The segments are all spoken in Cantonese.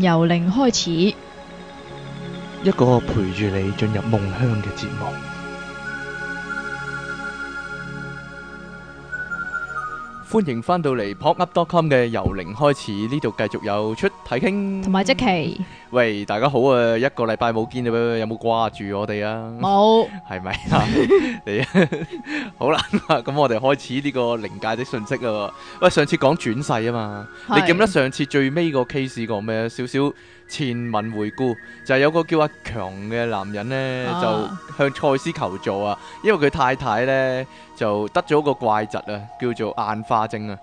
由零開始，一個陪住你進入夢鄉嘅節目。歡迎返到嚟 popup.com 嘅由零開始，呢度繼續有出睇傾，同埋即期。喂，大家好啊！一個禮拜冇見啦，有冇掛住我哋啊？冇，係咪啊？ 好啦，咁我哋開始呢個靈界的訊息啊！喂，上次講轉世啊嘛，是你記唔得上次最尾個 case 講咩？少少前文回顧，就係、是、有個叫阿強嘅男人呢，就向賽斯求助啊，因為佢太太呢，就得咗個怪疾啊，叫做眼花症啊。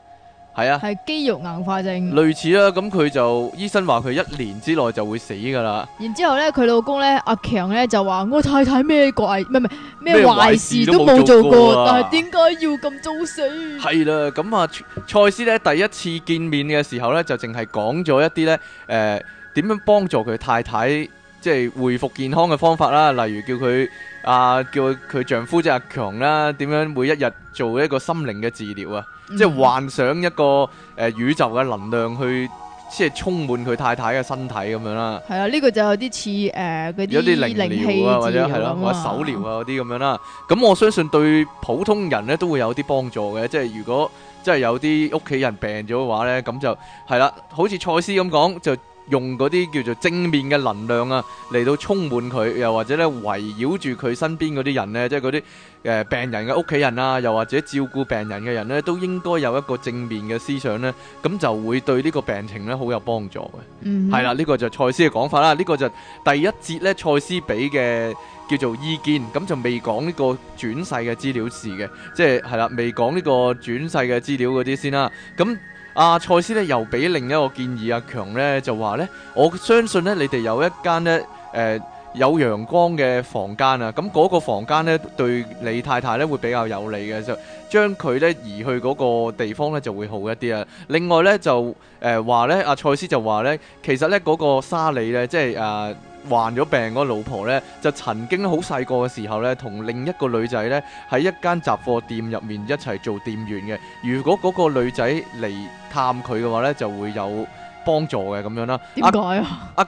係啊，係肌肉硬化症，類似啦。咁佢就醫生話佢一年之內就會死噶啦。然之後咧，佢老公咧阿強咧就話：我太太咩怪，唔係唔係咩壞事都冇做，做，做過，但係點解要咁早死？係啦，咁啊，賽斯咧第一次見面嘅時候咧，就淨係講咗一啲咧，誒、呃，點樣幫助佢太太。即係恢復健康嘅方法啦，例如叫佢啊，叫佢丈夫即阿強啦，點樣每一日做一個心靈嘅治療啊，即係幻想一個誒宇宙嘅能量去，即係充滿佢太太嘅身體咁樣啦。係啊，呢個就有啲似誒啲有啲靈療啊，或者係咯，或者手療啊嗰啲咁樣啦。咁我相信對普通人咧都會有啲幫助嘅。即係如果即係有啲屋企人病咗嘅話咧，咁就係啦，好似賽斯咁講就。用嗰啲叫做正面嘅能量啊，嚟到充滿佢，又或者咧圍繞住佢身邊嗰啲人咧，即係嗰啲誒病人嘅屋企人啊，又或者照顧病人嘅人咧，都應該有一個正面嘅思想咧，咁就會對呢個病情咧好有幫助嘅。嗯，mm-hmm，係啦，呢個就賽斯嘅講法啦，呢個就第一節咧，賽斯俾嘅叫做意見，咁就未講呢個轉世嘅資料事嘅，即係係啦，未講呢個轉世嘅資料嗰啲先啦，咁。阿賽、啊、斯咧又俾另一個建議，阿、啊、強咧就話咧，我相信咧你哋有一間咧誒、呃、有陽光嘅房間啊，咁嗰個房間咧對你太太咧會比較有利嘅，就將佢咧移去嗰個地方咧就會好一啲啊。另外咧就誒話咧，阿、呃、賽、啊、斯就話咧，其實咧嗰、那個沙里咧即係誒。呃患咗病嗰老婆呢，就曾經好細個嘅時候呢，同另一個女仔呢，喺一間雜貨店入面一齊做店員嘅。如果嗰個女仔嚟探佢嘅話呢，就會有幫助嘅咁樣啦。點解啊？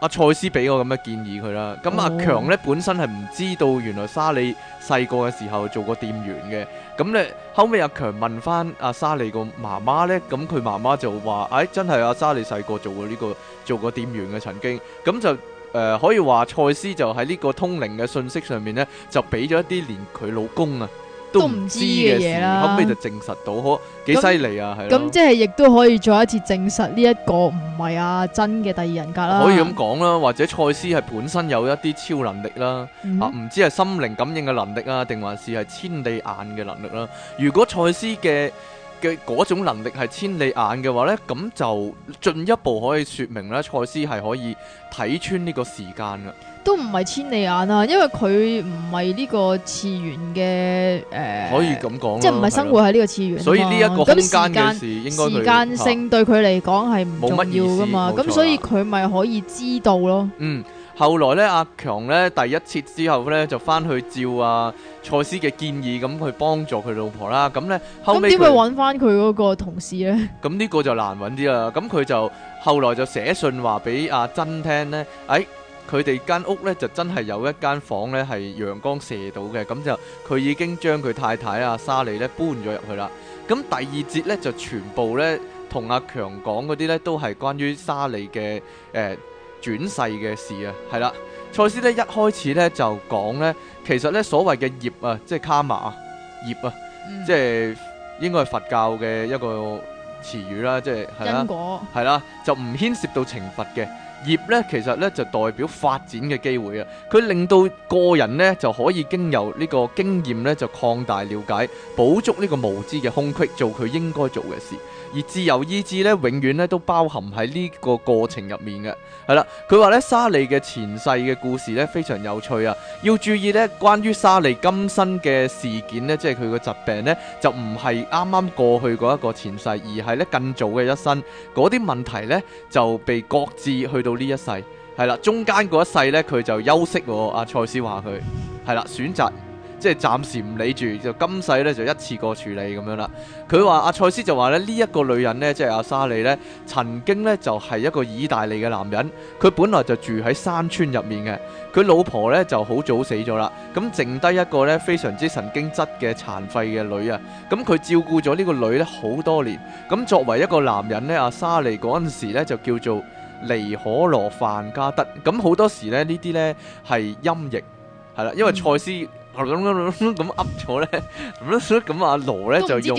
阿賽斯俾我咁嘅建議佢啦。咁阿、哦啊、強呢，本身係唔知道原來莎莉細個嘅時候做過店員嘅。咁咧後尾，阿強問翻阿莎莉個媽媽呢，咁佢媽媽就話：誒、哎、真係阿莎莉細個做過呢、呢個做過店員嘅曾經。咁就。誒、呃，可以話賽斯就喺呢個通靈嘅信息上面呢，就俾咗一啲連佢老公啊都唔知嘅嘢，後尾就證實到可幾犀利啊，係咁那啦即係亦都可以再一次證實呢一個唔係啊真嘅第二人格啦。可以咁講啦，或者賽斯係本身有一啲超能力啦，嗯、哼啊唔知係心靈感應嘅能力啊，定還是係千里眼嘅能力啦？如果賽斯嘅嘅嗰種能力係千里眼嘅話呢，咁就進一步可以説明咧，賽斯係可以睇穿呢個時間噶，都唔係千里眼啊，因為佢唔係呢個次元嘅。誒，呃、可以咁講，即係唔係生活喺呢個次元，所以呢一個空間嘅事，時間，時間性對佢嚟講係冇乜要噶嘛，咁所以佢咪可以知道咯。嗯。後來咧，阿強咧第一次之後咧，就翻去照啊，賽斯嘅建議，咁去幫助佢老婆啦。咁咧後尾點會揾翻佢嗰個同事咧？咁呢個就難揾啲啦。咁佢就後來就寫信話俾阿珍聽咧，誒、哎，佢哋間屋咧就真係有一間房咧係陽光射到嘅。咁就佢已經將佢太太阿、啊、沙莉咧搬咗入去啦。咁第二節咧就全部咧同阿強講嗰啲咧都係關於沙莉嘅誒。呃轉世嘅事啊，係啦，賽斯咧一開始咧就講咧，其實咧所謂嘅業啊，即係卡瑪啊，業啊、嗯，即係應該係佛教嘅一個詞語啦，即係係啦，係啦果，就唔牽涉到懲罰嘅業咧，其實咧就代表發展嘅機會啊，佢令到個人咧就可以經由呢個經驗咧就擴大了解，補足呢個無知嘅空隙，做佢應該做嘅事。而自由意志咧，永遠咧都包含喺呢個過程入面嘅。係啦，佢話咧沙莉嘅前世嘅故事咧非常有趣啊。要注意咧，關於沙莉今生嘅事件咧，即係佢個疾病咧，就唔係啱啱過去嗰一個前世，而係咧更早嘅一生。嗰啲問題咧就被擱置去到呢一世。係啦，中間嗰一世咧佢就休息。阿賽斯話佢係啦，選擇。即係暫時唔理住，就今世咧就一次過處理咁樣啦。佢話阿賽斯就話咧呢一、這個女人呢，即係阿莎莉呢，曾經呢，就係、是、一個意大利嘅男人。佢本來就住喺山村入面嘅。佢老婆呢，就好早死咗啦，咁剩低一個呢，非常之神經質嘅殘廢嘅女啊。咁佢照顧咗呢個女呢好多年。咁作為一個男人呢，阿莎莉嗰陣時咧就叫做尼可羅范加德。咁好多時呢，呢啲呢，係音譯係啦，因為賽斯、嗯。咁咁咁噏咗咧，咁阿羅咧就用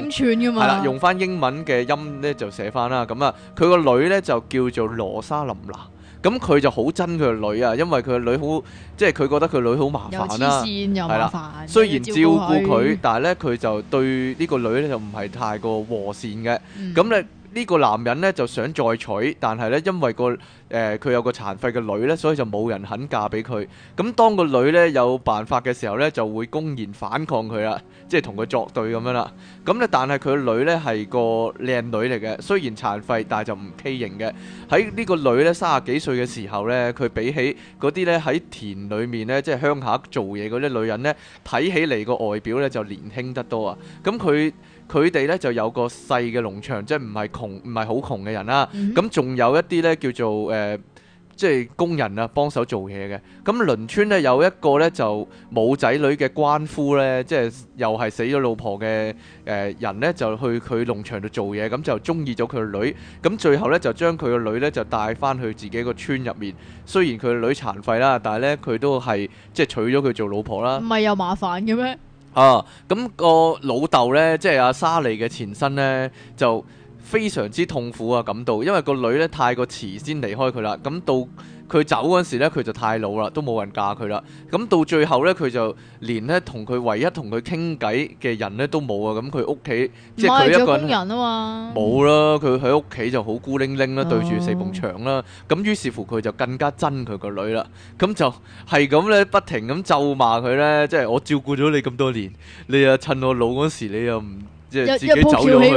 係啦，用翻英文嘅音咧就寫翻啦。咁啊，佢個女咧就叫做羅莎琳娜。咁佢就好憎佢個女啊，因為佢個女好，即係佢覺得佢女好麻煩啦。係啦，雖然照顧佢，但係咧佢就對呢個女咧就唔係太過和善嘅。咁咧。呢個男人呢就想再娶，但係呢，因為個誒佢、呃、有個殘廢嘅女呢，所以就冇人肯嫁俾佢。咁當個女呢有辦法嘅時候呢，就會公然反抗佢啦，即係同佢作對咁樣啦。咁呢，但係佢個女呢係個靚女嚟嘅，雖然殘廢，但係就唔畸形嘅。喺呢個女呢三十幾歲嘅時候呢，佢比起嗰啲呢喺田裡面呢，即係鄉下做嘢嗰啲女人呢，睇起嚟個外表呢就年輕得多啊。咁佢。佢哋咧就有個細嘅農場，即係唔係窮，唔係好窮嘅人啦。咁仲、嗯、有一啲咧叫做誒、呃，即係工人啊，幫手做嘢嘅。咁鄰村咧有一個咧就冇仔女嘅鰥夫咧，即係又係死咗老婆嘅誒、呃、人咧，就去佢農場度做嘢，咁就中意咗佢個女。咁最後咧就將佢個女咧就帶翻去自己個村入面。雖然佢個女殘廢啦，但係咧佢都係即係娶咗佢做老婆啦。唔係又麻煩嘅咩？啊！咁、那個老豆呢，即係阿莎莉嘅前身呢，就非常之痛苦啊，感到，因為個女呢，太過遲先離開佢啦，咁到。佢走嗰時咧，佢就太老啦，都冇人嫁佢啦。咁到最後咧，佢就連咧同佢唯一同佢傾偈嘅人咧都冇啊。咁佢屋企即係佢一個人啊嘛，冇啦。佢喺屋企就好孤零零啦，嗯、對住四埲牆啦。咁於是乎佢就更加憎佢個女啦。咁就係咁咧，不停咁咒罵佢咧。即係我照顧咗你咁多年，你又趁我老嗰時，你又唔～即係自己走咗去，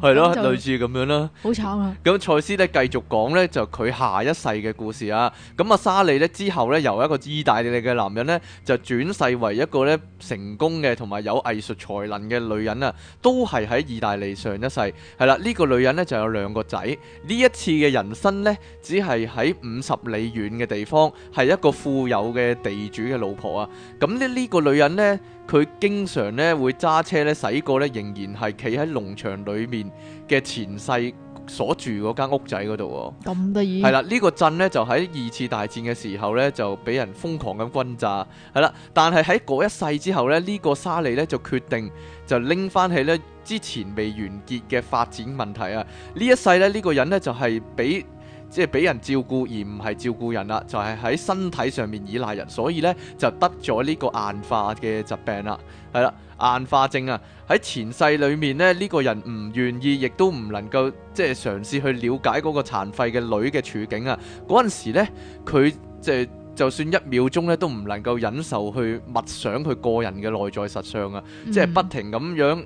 係咯、嗯，的類似咁樣啦。好慘啊！咁賽斯咧繼續講咧，就佢下一世嘅故事啊！咁啊，莎莉咧之後咧，由一個意大利嘅男人咧，就轉世為一個咧成功嘅同埋有藝術才能嘅女人啊！都係喺意大利上一世，係啦，呢、這個女人咧就有兩個仔。呢一次嘅人生咧，只係喺五十里遠嘅地方，係一個富有嘅地主嘅老婆啊！咁咧呢個女人咧。佢經常咧會揸車咧駛過咧，仍然係企喺農場裏面嘅前世所住嗰間屋仔嗰度、哦。咁得意。係啦，呢個、呢個鎮咧就喺二次大戰嘅時候咧就俾人瘋狂咁轟炸。係啦，但係喺嗰一世之後咧，呢、呢個沙利咧就決定就拎翻起咧之前未完結嘅發展問題啊！呢一世咧呢、呢個人咧就係俾。即係俾人照顧而唔係照顧人啦，就係、是、喺身體上面依賴人，所以呢就得咗呢個硬化嘅疾病啦。係啦，硬化症啊，喺前世裏面呢，呢、這個人唔願意，亦都唔能夠即係嘗試去了解嗰個殘廢嘅女嘅處境啊。嗰陣時呢，佢即係就算一秒鐘呢，都唔能夠忍受去默想佢個人嘅內在實相啊，嗯、即係不停咁樣。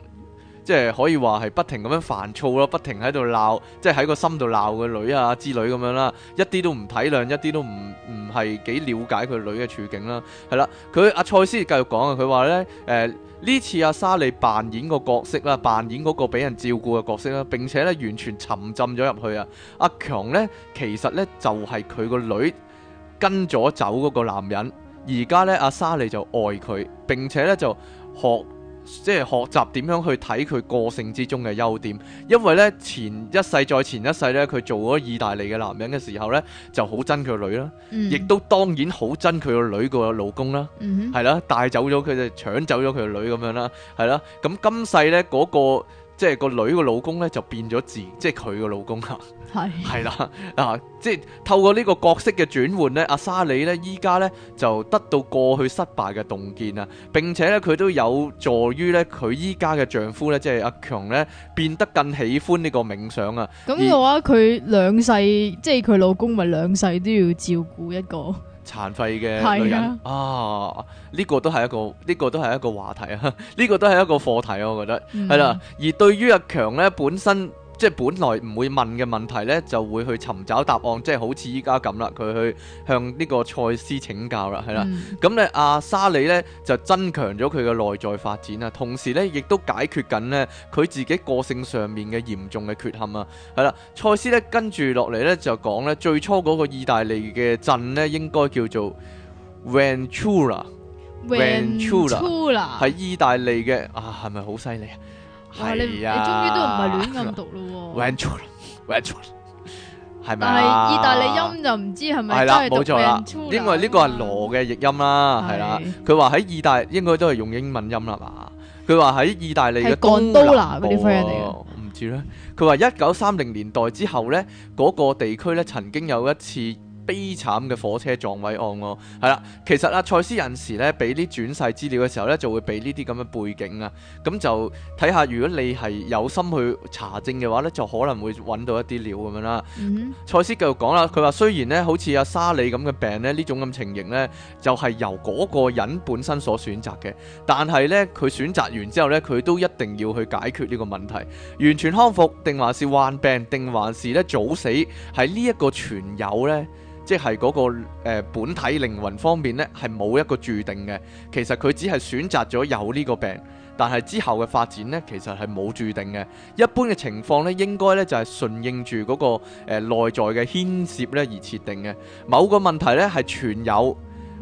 即係可以話係不停咁樣煩躁咯，不停喺度鬧，即係喺個心度鬧個女啊之類咁樣啦，一啲都唔體諒，一啲都唔唔係幾了解佢女嘅處境啦。係啦，佢阿賽斯繼續講啊，佢話呢，誒、呃、呢次阿莎莉扮演個角色啦，扮演嗰個俾人照顧嘅角色啦，並且呢，完全沉浸咗入去啊。阿強呢，其實呢就係佢個女跟咗走嗰個男人，而家呢，阿莎莉就愛佢並且呢就學。即係學習點樣去睇佢個性之中嘅優點，因為呢，前一世再前一世呢，佢做咗意大利嘅男人嘅時候呢，就好憎佢個女啦，亦、嗯、都當然好憎佢個女個老公啦，係啦、嗯，帶走咗佢就搶走咗佢個女咁樣啦，係啦，咁今世呢嗰、嗰個。即係個女個老公咧就變咗字，即係佢個老公啦，係係 啦，啊！即係透過呢個角色嘅轉換咧，阿沙里咧依家咧就得到過去失敗嘅洞見啊，並且咧佢都有助於咧佢依家嘅丈夫咧，即係阿強咧變得更喜歡呢個冥想啊！咁嘅話，佢兩世即係佢老公咪兩世都要照顧一個。殘廢嘅女人的啊，呢、這個都係一個，呢、這個都係一個話題啊，呢 個都係一個課題啊，我覺得係啦、嗯。而對於阿強咧，本身。即係本來唔會問嘅問題咧，就會去尋找答案，即係好似依家咁啦，佢去向呢個賽斯請教啦，係啦、嗯。咁、啊、咧，阿沙里咧就增強咗佢嘅內在發展啊，同時咧亦都解決緊咧佢自己個性上面嘅嚴重嘅缺陷啊，係啦。賽斯咧跟住落嚟咧就講咧最初嗰個意大利嘅鎮咧應該叫做 Ventura，Ventura 喺意大利嘅啊，係咪好犀利啊？係呀，你終於都唔係亂咁讀咯喎。Ventura，Ventura，係咪啊？但係意大利音就唔知係咪真係讀 Ventura？冇錯啦。因為呢個係羅嘅譯音啦，係啦。佢話喺意大應該都係用英文音啦嘛。佢話喺意大利嘅東南部。唔知咧。佢話一九三零年代之後咧，嗰個地區咧曾經有一次。悲慘嘅火車撞毀案咯，係、哦、啦，其實啊，賽斯有時咧俾啲轉世資料嘅時候咧，就會俾呢啲咁嘅背景啊，咁就睇下如果你係有心去查證嘅話咧，就可能會揾到一啲料咁樣啦。賽斯、mm hmm. 繼續講啦，佢話雖然咧好似阿沙里咁嘅病咧，呢種咁情形咧，就係、是、由嗰個人本身所選擇嘅，但係咧佢選擇完之後咧，佢都一定要去解決呢個問題，完全康復定還是患病定還是咧早死，係呢一個全友呢。即係嗰、那個、呃、本體靈魂方面呢，係冇一個註定嘅。其實佢只係選擇咗有呢個病，但係之後嘅發展呢，其實係冇註定嘅。一般嘅情況呢，應該呢就係順應住嗰、那個誒、呃、內在嘅牽涉呢而設定嘅。某個問題呢，係存有，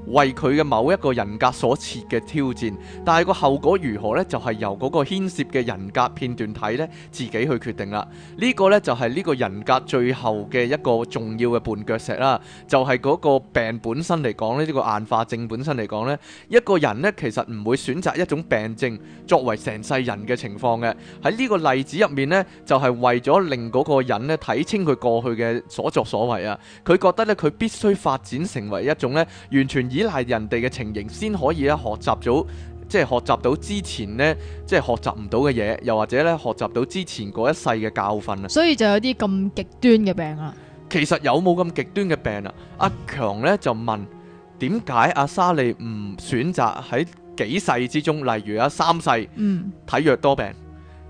為佢嘅某一個人格所設嘅挑戰，但係個後果如何呢？就係、是、由嗰個牽涉嘅人格片段睇呢，自己去決定啦。呢、這個呢，就係、是、呢個人格最後嘅一個重要嘅絆腳石啦。就係、是、嗰個病本身嚟講呢，呢、這個硬化症本身嚟講呢，一個人呢，其實唔會選擇一種病症作為成世人嘅情況嘅。喺呢個例子入面呢，就係、是、為咗令嗰個人呢睇清佢過去嘅所作所為啊，佢覺得呢，佢必須發展成為一種呢完全。依賴人哋嘅情形，先可以咧學習到，即係學習到之前咧，即係學習唔到嘅嘢，又或者咧學習到之前嗰一世嘅教訓啊。所以就有啲咁極端嘅病啦。其實有冇咁極端嘅病啊？嗯、阿強咧就問點解阿莎莉唔選擇喺幾世之中，例如啊三世，體弱、嗯、多病。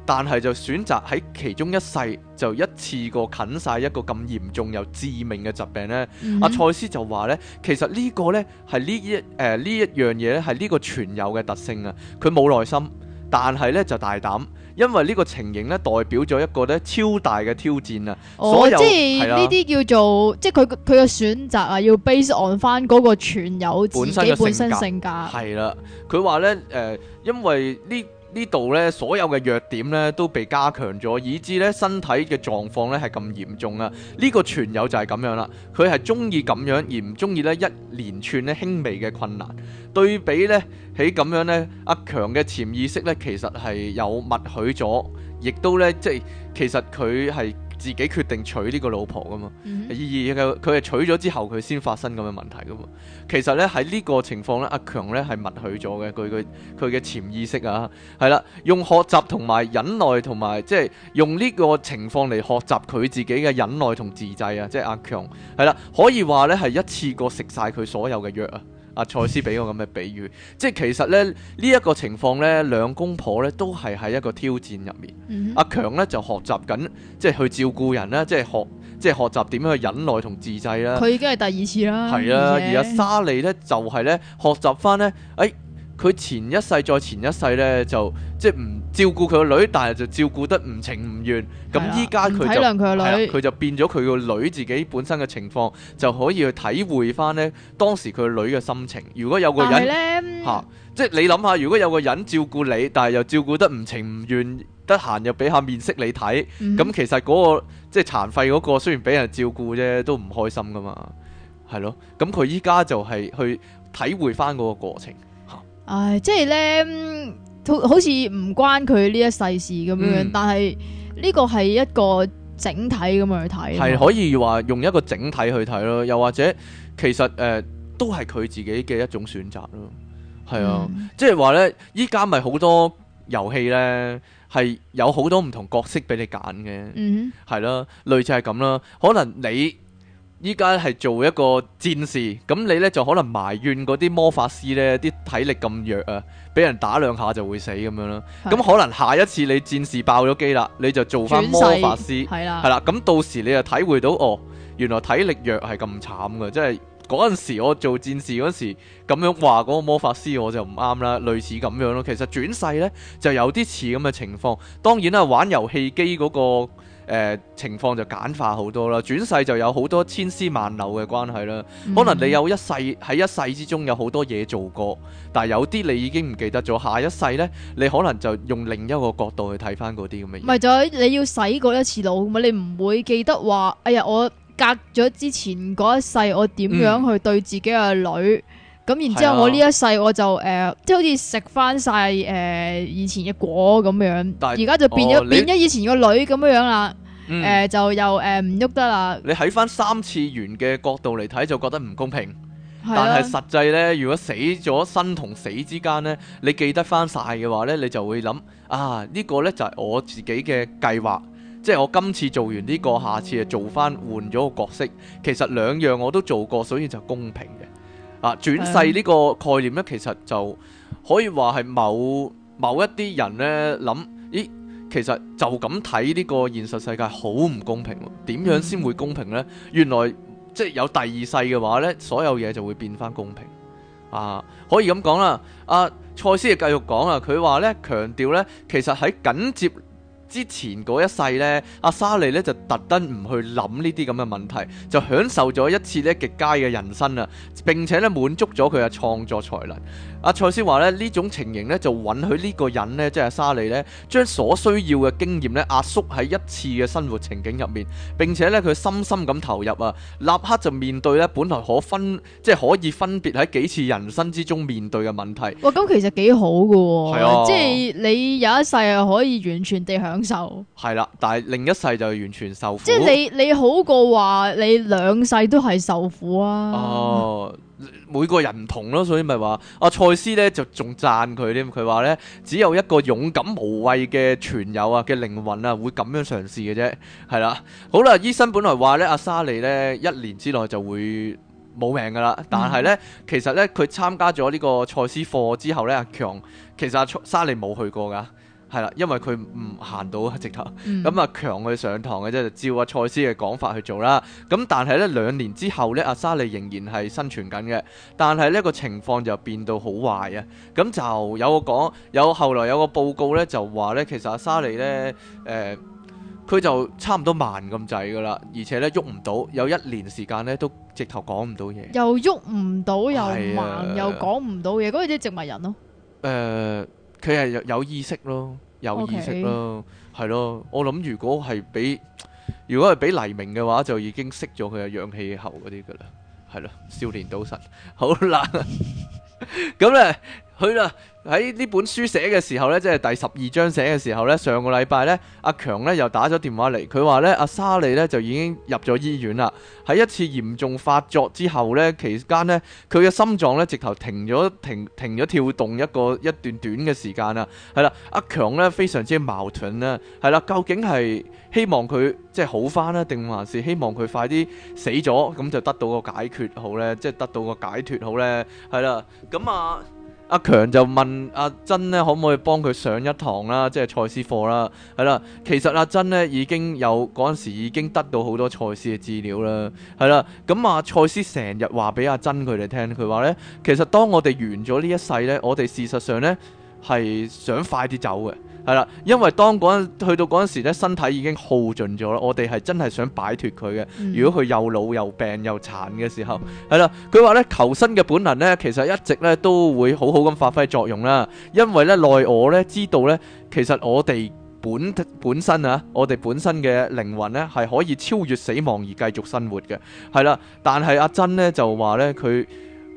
但係就選擇喺其中一世就一次過啃晒一個咁嚴重又致命嘅疾病咧。阿賽、mm hmm. 啊、斯就話咧，其實個呢,、呃、呢個咧係呢一誒呢一樣嘢咧係呢個存有嘅特性啊。佢冇耐心，但係咧就大膽，因為呢個情形咧代表咗一個咧超大嘅挑戰啊。Oh, 所有係啦，呢啲是、啊、叫做即係佢佢嘅選擇啊，要 base on 翻嗰個存有本身嘅性格。係啦，佢話咧誒，因為呢。呢度呢，所有嘅弱點呢都被加強咗，以致呢身體嘅狀況呢係咁嚴重啊！呢、呢個全友就係咁樣啦，佢係中意咁樣而唔中意呢一連串呢輕微嘅困難。對比呢，喺咁樣呢，阿強嘅潛意識呢，其實係有默許咗，亦都呢，即係其實佢係。自己決定娶呢個老婆噶嘛，意義佢係娶咗之後佢先發生咁嘅問題噶嘛。其實咧，喺呢個情況咧，阿強咧係默許咗嘅，佢佢佢嘅潛意識啊，係啦，用學習同埋忍耐同埋即係用呢個情況嚟學習佢自己嘅忍耐同自制啊，即係阿強係啦，可以話咧係一次過食晒佢所有嘅藥啊。阿賽斯俾個咁嘅比喻， 即係其實咧呢一個情況咧，兩公婆咧都係喺一個挑戰入面。嗯、哼阿強咧就學習緊，即係去照顧人咧，即係學即係學習點樣去忍耐同自制啦。佢已經係第二次啦。係啊，嗯、哼而阿沙莉咧就係、係、咧學習翻咧，哎。佢前一世再前一世呢，就即係唔照顧佢個女，但係就照顧得唔情唔願。咁依家佢就佢就變咗佢個女自己本身嘅情況，就可以去體會翻呢當時佢個女嘅心情。如果有個人嚇、啊，即係你諗下，如果有個人照顧你，但係又照顧得唔情唔願，得閒又俾下面色你睇，咁、嗯、哼其實嗰、嗰個即係殘廢嗰、嗰個雖然俾人照顧啫，都唔開心噶嘛，係咯。咁佢依家就係去體會翻嗰個過程。唉，即係咧，好似唔關佢呢一世事咁樣，嗯、但係呢個係一個整體咁樣去睇，係可以話用一個整體去睇咯，又或者其實誒、呃、都係佢自己嘅一種選擇咯，係啊，即係話咧，依家咪好多遊戲咧係有好多唔同角色俾你揀嘅，嗯哼，係咯、啊，類似係咁啦，可能你。依家係做一個戰士，咁你呢就可能埋怨嗰啲魔法師呢啲體力咁弱啊，俾人打兩下就會死咁樣啦。咁是可能下一次你戰士爆咗機啦，你就做翻魔法師，係啦，係啦。咁到時你就體會到哦，原來體力弱係咁慘嘅，即係嗰陣時我做戰士嗰陣時咁樣話嗰個魔法師我就唔啱啦，類似咁樣咯。其實轉世呢就有啲似咁嘅情況。當然啦、啊，玩遊戲機嗰個。誒、呃、情況就簡化好多啦，轉世就有好多千絲萬縷嘅關係啦。嗯、可能你有一世喺一世之中有好多嘢做過，但係有啲你已經唔記得咗。下一世呢，你可能就用另一個角度去睇翻嗰啲咁嘅。唔係就係你要洗過一次腦，咪你唔會記得話，哎呀，我隔咗之前嗰一世，我點樣去對自己嘅女？嗯嗯咁然之後，我呢一世我就誒、呃，即係好似食翻晒誒以前嘅果咁樣，但係而家就變咗、哦、變咗以前個女咁樣啦。誒、嗯呃，就又誒唔喐得啦。呃、你喺翻三次元嘅角度嚟睇，就覺得唔公平。啊、但係實際咧，如果死咗生同死之間咧，你記得翻晒嘅話咧，你就會諗啊呢、這個咧就係我自己嘅計劃，即係我今次做完呢、這個，下次又做翻換咗個角色。其實兩樣我都做過，所以就公平。啊，轉世呢個概念咧，其實就可以話係某某一啲人咧諗，咦，其實就咁睇呢個現實世界好唔公平，點樣先會公平呢？原來即係有第二世嘅話呢，所有嘢就會變翻公平。啊，可以咁講啦。阿賽斯亦繼續講啊，佢話呢強調呢，其實喺緊接之前嗰一世咧，阿莎莉咧就特登唔去諗呢啲咁嘅問題，就享受咗一次咧極佳嘅人生啊，並且咧滿足咗佢嘅創作才能。阿賽斯話咧呢種情形咧就允許呢個人咧，即係莎莉咧，將所需要嘅經驗咧壓縮喺一次嘅生活情景入面，並且咧佢深深咁投入啊，立刻就面對咧本來可分即係可以分別喺幾次人生之中面對嘅問題。哇，咁其實幾好嘅，啊、即係你有一世係可以完全地享。受係啦，但係另一世就完全受苦。即係你你好過話你兩世都係受苦啊！哦，每個人唔同咯，所以咪話阿賽斯咧就仲讚佢添。佢話咧只有一個勇敢無畏嘅傳友啊嘅靈魂啊會咁樣嘗試嘅啫。係啦，好啦，醫生本來話咧阿沙利咧一年之內就會冇命噶啦，但係咧、嗯、其實咧佢參加咗呢個賽斯課之後咧阿強，其實阿、啊、沙利冇去過噶。係啦，因為佢唔行到啊，直頭咁啊，嗯、強佢上堂嘅啫，照阿賽斯嘅講法去做啦。咁但係咧，兩年之後咧，阿沙莉仍然係生存緊嘅。但係呢個情況就變到好壞啊。咁就有個講，有後來有個報告咧，就話咧，其實阿沙莉咧，誒、嗯，佢、呃、就差唔多慢咁滯噶啦，而且咧喐唔到，有一年時間咧都直頭講唔到嘢，又喐唔到，又慢，哎、呀又講唔到嘢，嗰個植物人咯。誒、呃。佢係有意識咯，有意識咯，係 Okay. 咯。我諗如果係俾，如果係俾黎明嘅話，就已經識咗佢嘅氧氣喉嗰啲噶啦。係咯，少年賭神好啦。咁 咧。 佢啦喺呢本書寫嘅時候呢，即係第十二章寫嘅時候呢，上個禮拜呢，阿強呢又打咗電話嚟，佢話呢，阿莎莉呢就已經入咗醫院啦。喺一次嚴重發作之後呢，期間呢，佢嘅心臟呢直頭停咗停停咗跳動一個一段短嘅時間啦。係啦，阿強呢非常之矛盾呢，係啦，究竟係希望佢即係好翻呢，定還是希望佢快啲死咗咁就得到個解決好呢？即係得到個解脫好呢？係啦，咁啊。阿強就問阿珍咧，可唔可以幫佢上一堂啦？即係賽斯課啦，係啦。其實阿珍咧已經有嗰陣時已經得到好多賽斯嘅資料啦，係啦。咁阿賽斯成日話俾阿珍佢哋聽，佢話呢：「其實當我哋完咗呢一世呢，我哋事實上呢係想快啲走嘅。係啦，因為當嗰陣去到嗰陣時咧，身體已經耗盡咗啦。我哋係真係想擺脫佢嘅。如果佢又老又病又殘嘅時候，係啦。佢話咧，求生嘅本能咧，其實一直咧都會好好咁發揮作用啦。因為咧內我咧知道咧，其實我哋本本身啊，我哋本身嘅靈魂咧係可以超越死亡而繼續生活嘅。係啦，但係阿珍咧就話咧佢。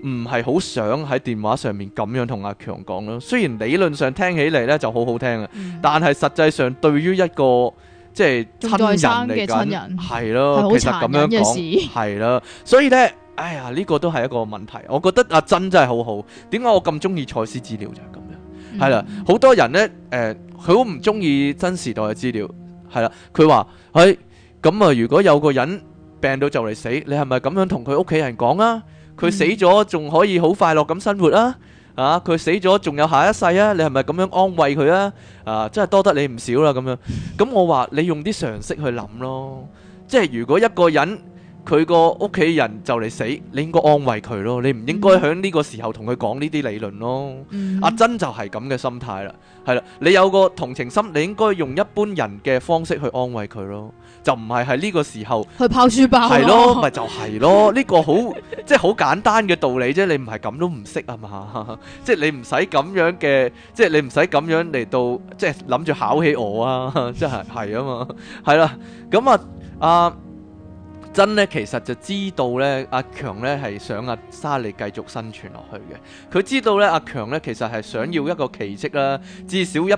唔係好想喺電話上面咁樣同阿強講咯，雖然理論上聽起嚟呢就好好聽啊，嗯、但係實際上對於一個即係親人嚟講，係咯，的其實咁樣講係咯，所以呢，哎呀，呢、這個都係一個問題。我覺得阿珍真係好好，點解我咁中意賽斯資料就係咁樣，係啦、嗯，好多人呢，誒、呃，佢好唔中意真時代嘅資料，係啦，佢話，係咁啊，如果有個人病到就嚟死，你係咪咁樣同佢屋企人講啊？佢死咗仲可以好快樂咁生活啦，啊！佢死咗仲有下一世啊！你係咪咁樣安慰佢啊？啊！真係多得你唔少啦咁樣。咁我話你用啲常識去諗咯，即係如果一個人佢個屋企人就嚟死，你應該安慰佢咯，你唔應該響呢個時候同佢講呢啲理論咯。阿珍就係咁嘅心態啦，係啦，你有個同情心，你應該用一般人嘅方式去安慰佢咯。就唔係喺呢個時候，去拋書包，係咯，咪就係咯，呢個好即係好簡單嘅道理啫。你唔係咁都唔識啊嘛，即係你唔使咁樣嘅，即係你唔使咁樣嚟到，即係諗住考起我啊，即係係啊嘛，係啦，咁啊，阿珍咧其實就知道咧，阿強咧係想阿莎莉繼續生存落去嘅，佢知道咧阿強咧其實係想要一個奇蹟啦，至少一。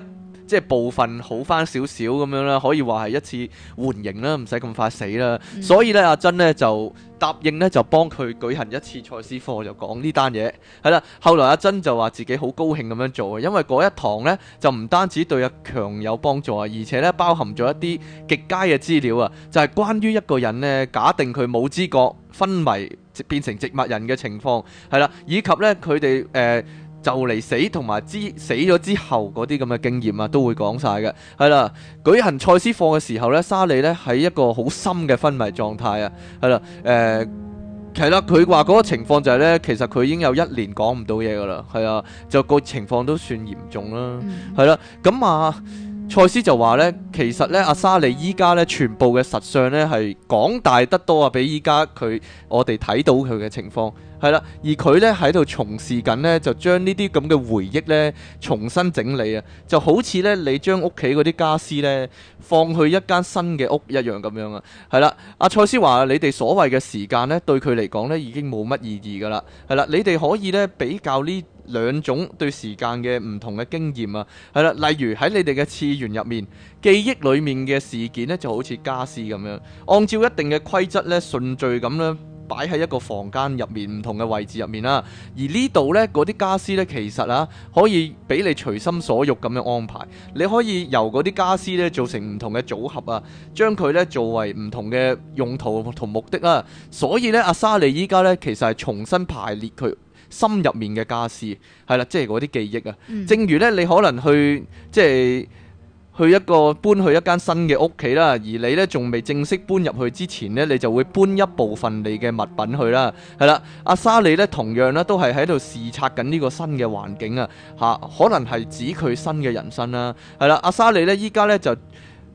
即係部分好翻少少咁樣啦，可以話係一次緩刑啦，唔使咁快死啦。嗯、所以呢，阿珍呢就答應呢，就幫佢舉行一次賽斯課，就講呢單嘢係啦。後來阿珍就話自己好高興咁樣做，因為嗰一堂呢，就唔單止對阿強有幫助啊，而且呢，包含咗一啲極佳嘅資料啊，就係、是、關於一個人呢，假定佢冇知覺昏迷，變成植物人嘅情況係啦，以及呢，佢哋誒。呃就嚟死同埋之死咗之後嗰啲咁嘅經驗啊，都會講晒嘅。係啦，舉行賽斯課嘅時候呢，沙莉呢喺一個好深嘅昏迷狀態啊。係啦，誒係啦，佢話嗰個情況就係呢，其實佢已經有一年講唔到嘢噶啦。係啊，就個情況都算嚴重啦。係啦、嗯，咁啊，賽斯就話呢，其實呢，阿沙莉依家呢，全部嘅實相呢係廣大得多啊，比依家佢我哋睇到佢嘅情況。係啦，而佢咧喺度從事緊呢，就將呢啲咁嘅回憶咧重新整理啊，就好似咧你將屋企嗰啲家私呢，放去一間新嘅屋一樣咁樣啊。係啦，阿賽斯話，你哋所謂嘅時間呢，對佢嚟講呢，已經冇乜意義噶啦。係啦，你哋可以呢比較呢兩種對時間嘅唔同嘅經驗啊。係啦，例如喺你哋嘅次元入面，記憶裡面嘅事件呢，就好似家私咁樣，按照一定嘅規則呢，順序咁呢。擺喺一個房間入面唔同嘅位置入面啦，而呢度呢，嗰啲家私呢，其實啊可以俾你隨心所欲咁樣安排，你可以由嗰啲家私呢，做成唔同嘅組合啊，將佢呢作為唔同嘅用途同目的啊，所以呢，阿莎莉依家呢，其實係重新排列佢心入面嘅家私，係啦，即係嗰啲記憶啊，嗯、正如呢，你可能去即係。去一個搬去一間新嘅屋企啦，而你呢仲未正式搬入去之前呢，你就會搬一部分你嘅物品去啦。係啦，阿莎莉呢同樣呢都係喺度視察緊呢個新嘅環境啊。嚇，可能係指佢新嘅人生啦。係啦，阿莎莉呢依家呢就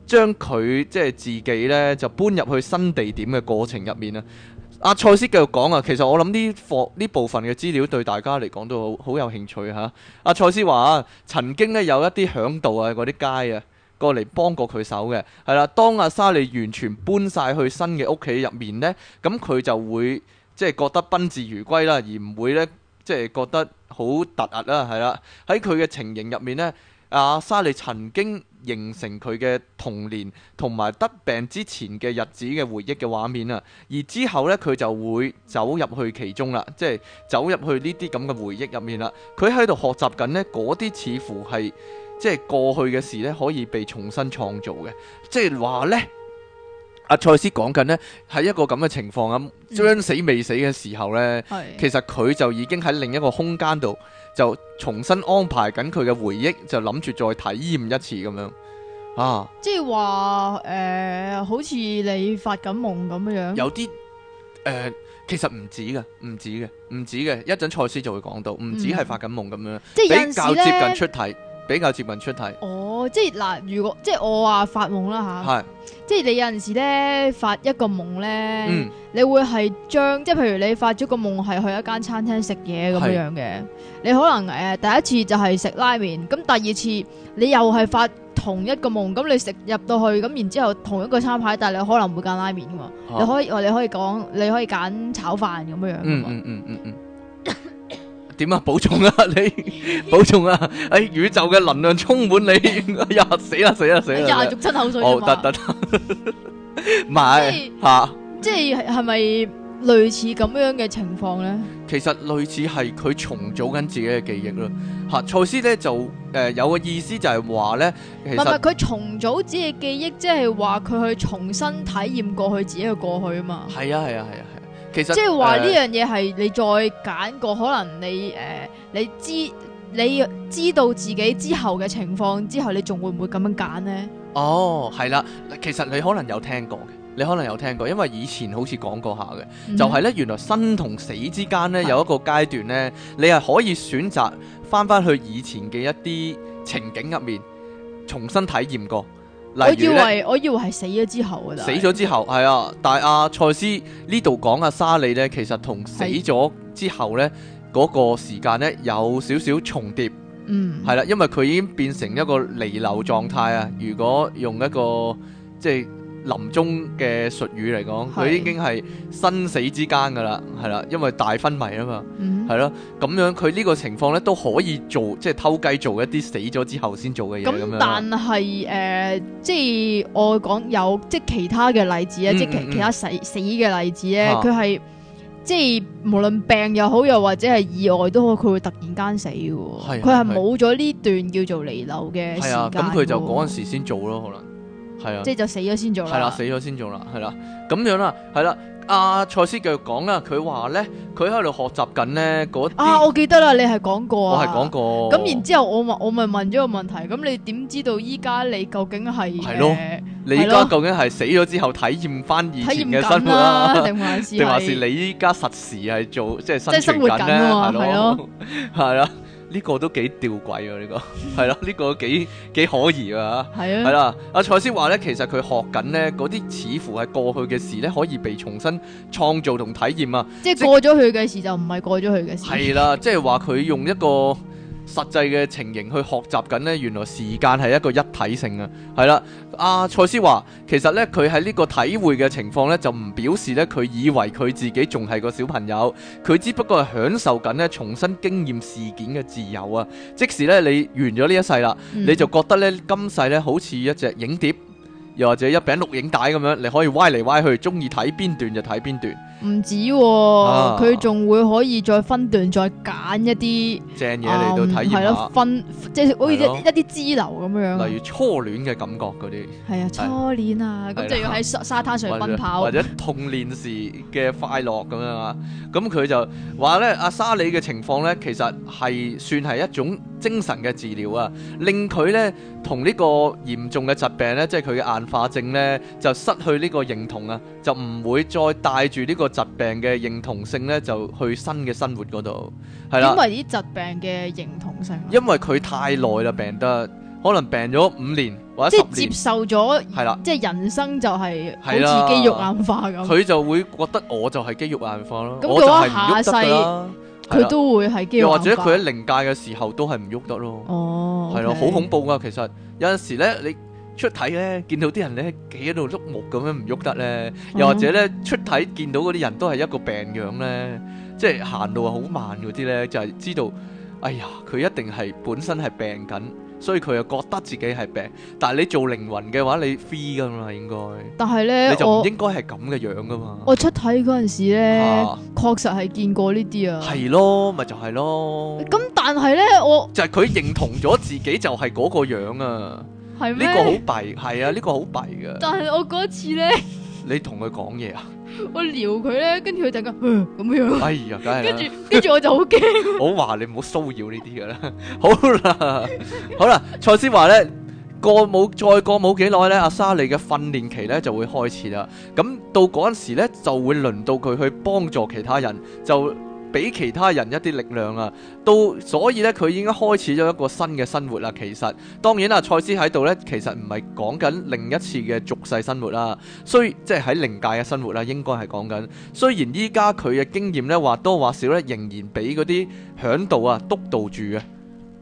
將佢即係自己呢，就搬入去新地點嘅過程入面啊。阿賽斯繼續講啊，其實我諗呢課呢部分嘅資料對大家嚟講都好，好有興趣嚇。阿、啊、賽、啊、斯話啊，曾經呢有一啲響度啊，嗰啲街啊。過嚟幫過佢手嘅，係啦。當阿莎莉完全搬晒去新嘅屋企入面呢，咁佢就會即係、就是、覺得賓至如歸啦，而唔會呢，即、就、係、是、覺得好突兀啦，係啦。喺佢嘅情形入面呢，阿莎莉曾經形成佢嘅童年同埋得病之前嘅日子嘅回憶嘅畫面啊，而之後呢，佢就會走入去其中啦，即、就、係、是、走入去呢啲咁嘅回憶入面啦。佢喺度學習緊呢嗰啲似乎係。即係過去嘅事咧，可以被重新創造嘅。即係話咧，阿賽斯講緊呢，喺一個咁嘅情況咁，將死未死嘅時候咧，嗯、其實佢就已經喺另一個空間度，就重新安排緊佢嘅回憶，就諗住再體驗一次咁樣啊。即係話誒，好似你發緊夢咁樣，有啲誒、呃，其實唔止嘅，唔止嘅，唔止嘅。一陣賽斯就會講到，唔止係發緊夢咁樣，嗯、比較接近出體。嗯比較接近出題，哦、oh，即係嗱，如果即係我話發夢啦吓，係是，即係你有陣時咧發一個夢咧，嗯、你會係將，即係譬如你發咗個夢係去一間餐廳食嘢咁樣嘅，是你可能誒、呃、第一次就係食拉麵，咁第二次你又係發同一個夢，咁你食入到去，咁然之後，後同一個餐牌，但係你可能會揀拉麵噶嘛、嗯，你可以，話你可以講，你可以揀炒飯咁樣噶嘛。點啊，保重啊，你保重啊！誒、哎，宇宙嘅能量充滿你，哎、呀，死啦死啦死啦！廿六七口水，哦，得得得，唔係吓， 是即係係咪類似咁樣嘅情況咧？其實類似係佢重組緊自己嘅記憶咯。吓、啊，賽斯咧就誒、呃、有個意思就係話咧，唔係唔係佢重組自己嘅記憶，即係話佢去重新體驗過去自己嘅過去啊嘛。係啊係啊係啊。即係話呢樣嘢係你再揀過，可能你誒、呃、你知你知道自己之後嘅情況之後，你仲會唔會咁樣揀呢？哦，係啦，其實你可能有聽過嘅，你可能有聽過，因為以前好似講過下嘅，嗯、就係呢。原來生同死之間呢，有一個階段呢，是你係可以選擇翻翻去以前嘅一啲情景入面，重新體驗過。我以為我以為係死咗之後啊，是死咗之後係啊，但係、啊、阿賽斯呢度講阿沙莉咧，其實同死咗之後咧嗰是個時間咧有少少重疊，嗯，係啦、啊，因為佢已經變成一個彌留狀態啊，嗯、如果用一個即係。臨終嘅術語嚟講，佢是已經係生死之間㗎啦，係啦，因為大昏迷啊嘛，係咯、嗯，咁樣佢呢個情況咧都可以做，即係偷雞做一啲死咗之後先做嘅嘢咁，但係誒、呃，即係我講有即係其他嘅例子啊，嗯嗯嗯即係其他死死嘅例子咧，佢係、嗯、即係無論病又好，又或者係意外都好，佢會突然間死嘅。佢係冇咗呢段叫做彌留嘅時間。咁佢就嗰陣時先做咯，可能。的的係啊，即係就死咗先做。係啦，死咗先做啦，係啦，咁樣啦，係啦。阿賽斯繼續講啊，佢話咧，佢喺度學習緊咧嗰。啊，我記得啦，你係講過啊。我係講過、啊。咁然之後我咪我咪問咗個問題，咁你點知道依家你究竟係？係咯了。Uh, 你依家究竟係死咗之後體驗翻以前嘅生活定、啊、還是定還 是你依家實時係做即係、就是、生，生活緊啊？係咯，係啦。了 呢個都幾吊詭啊！呢、 呢個係咯，呢個幾幾可疑是啊！嚇係啊，係啦，阿賽斯話咧，其實佢學緊咧嗰啲似乎係過去嘅事咧，可以被重新創造同體驗啊！即係過咗去嘅事就唔係過咗去嘅事係啦，的 即係話佢用一個實際嘅情形去學習緊呢，原來時間係一個一體性啊，係啦。阿賽斯話，其實呢，佢喺呢個體會嘅情況呢，就唔表示呢。佢以為佢自己仲係個小朋友，佢只不過係享受緊呢重新經驗事件嘅自由啊。即使呢，你完咗呢一世啦，嗯、你就覺得呢今世呢好似一隻影碟，又或者一餅錄影帶咁樣，你可以歪嚟歪去，中意睇邊段就睇邊段。唔止喎，哦，佢仲，啊，會可以再分段再揀一啲正嘢嚟到睇，係咯，嗯，分即係好似一啲支流咁樣，例如初戀嘅感覺啲，係的的啊，初戀啊，咁就要喺沙沙灘上奔跑或，或者童年時嘅快樂咁樣啊，咁佢，嗯，就話咧，阿莎莉嘅情況咧，其實係算係一種精神嘅治療啊，令佢咧同呢個嚴重嘅疾病咧，即係佢嘅硬化症咧，就失去呢個認同啊，就唔會再帶住呢個。疾病嘅認同性咧，就去新嘅生活嗰度係啦。因為啲疾病嘅認同性、啊，因為佢太耐啦，病得可能病咗五年或者十年，接受咗係啦，的即係人生就係好似肌肉硬化咁。佢就會覺得我就係肌肉硬化咯，下我就係唔喐得啦。佢下的都會係肌肉硬化，又或者佢喺靈界嘅時候都係唔喐得咯。哦，係咯，好恐怖噶。其實有陣時咧，你。出體咧，見到啲人咧企喺度碌木咁樣唔喐得咧，又或者咧出體見到嗰啲人都係一個病樣咧，即係行路啊好慢嗰啲咧，就係知道，哎呀，佢一定係本身係病緊，所以佢又覺得自己係病。但係你做靈魂嘅話，你 free 噶嘛應該？但係咧，你就唔應該係咁嘅樣噶嘛？我出體嗰陣時咧，確實係見過呢啲啊。係咯，咪就係咯。咁但係咧，我就係佢認同咗自己就係嗰個樣啊。呢個好弊，係啊，這個、呢個好弊噶。但係 我嗰次咧，你同佢講嘢啊，我撩佢咧，跟住佢就講，嗯咁樣。哎呀，梗係跟住，跟住我就好驚 我話你唔好騷擾呢啲噶啦。好啦， 好啦，賽斯華咧，過冇再過冇幾耐咧，阿莎莉嘅訓練期咧就會開始啦。咁到嗰陣時咧就會輪到佢去幫助其他人就。俾其他人一啲力量啊，到所以咧，佢已經開始咗一個新嘅生活啦。其實當然啦，賽斯喺度咧，其實唔係講緊另一次嘅俗世生活啦，雖即係喺靈界嘅生活啦，應該係講緊。雖然依家佢嘅經驗咧，或多或少咧，仍然俾嗰啲響度啊，督導住啊，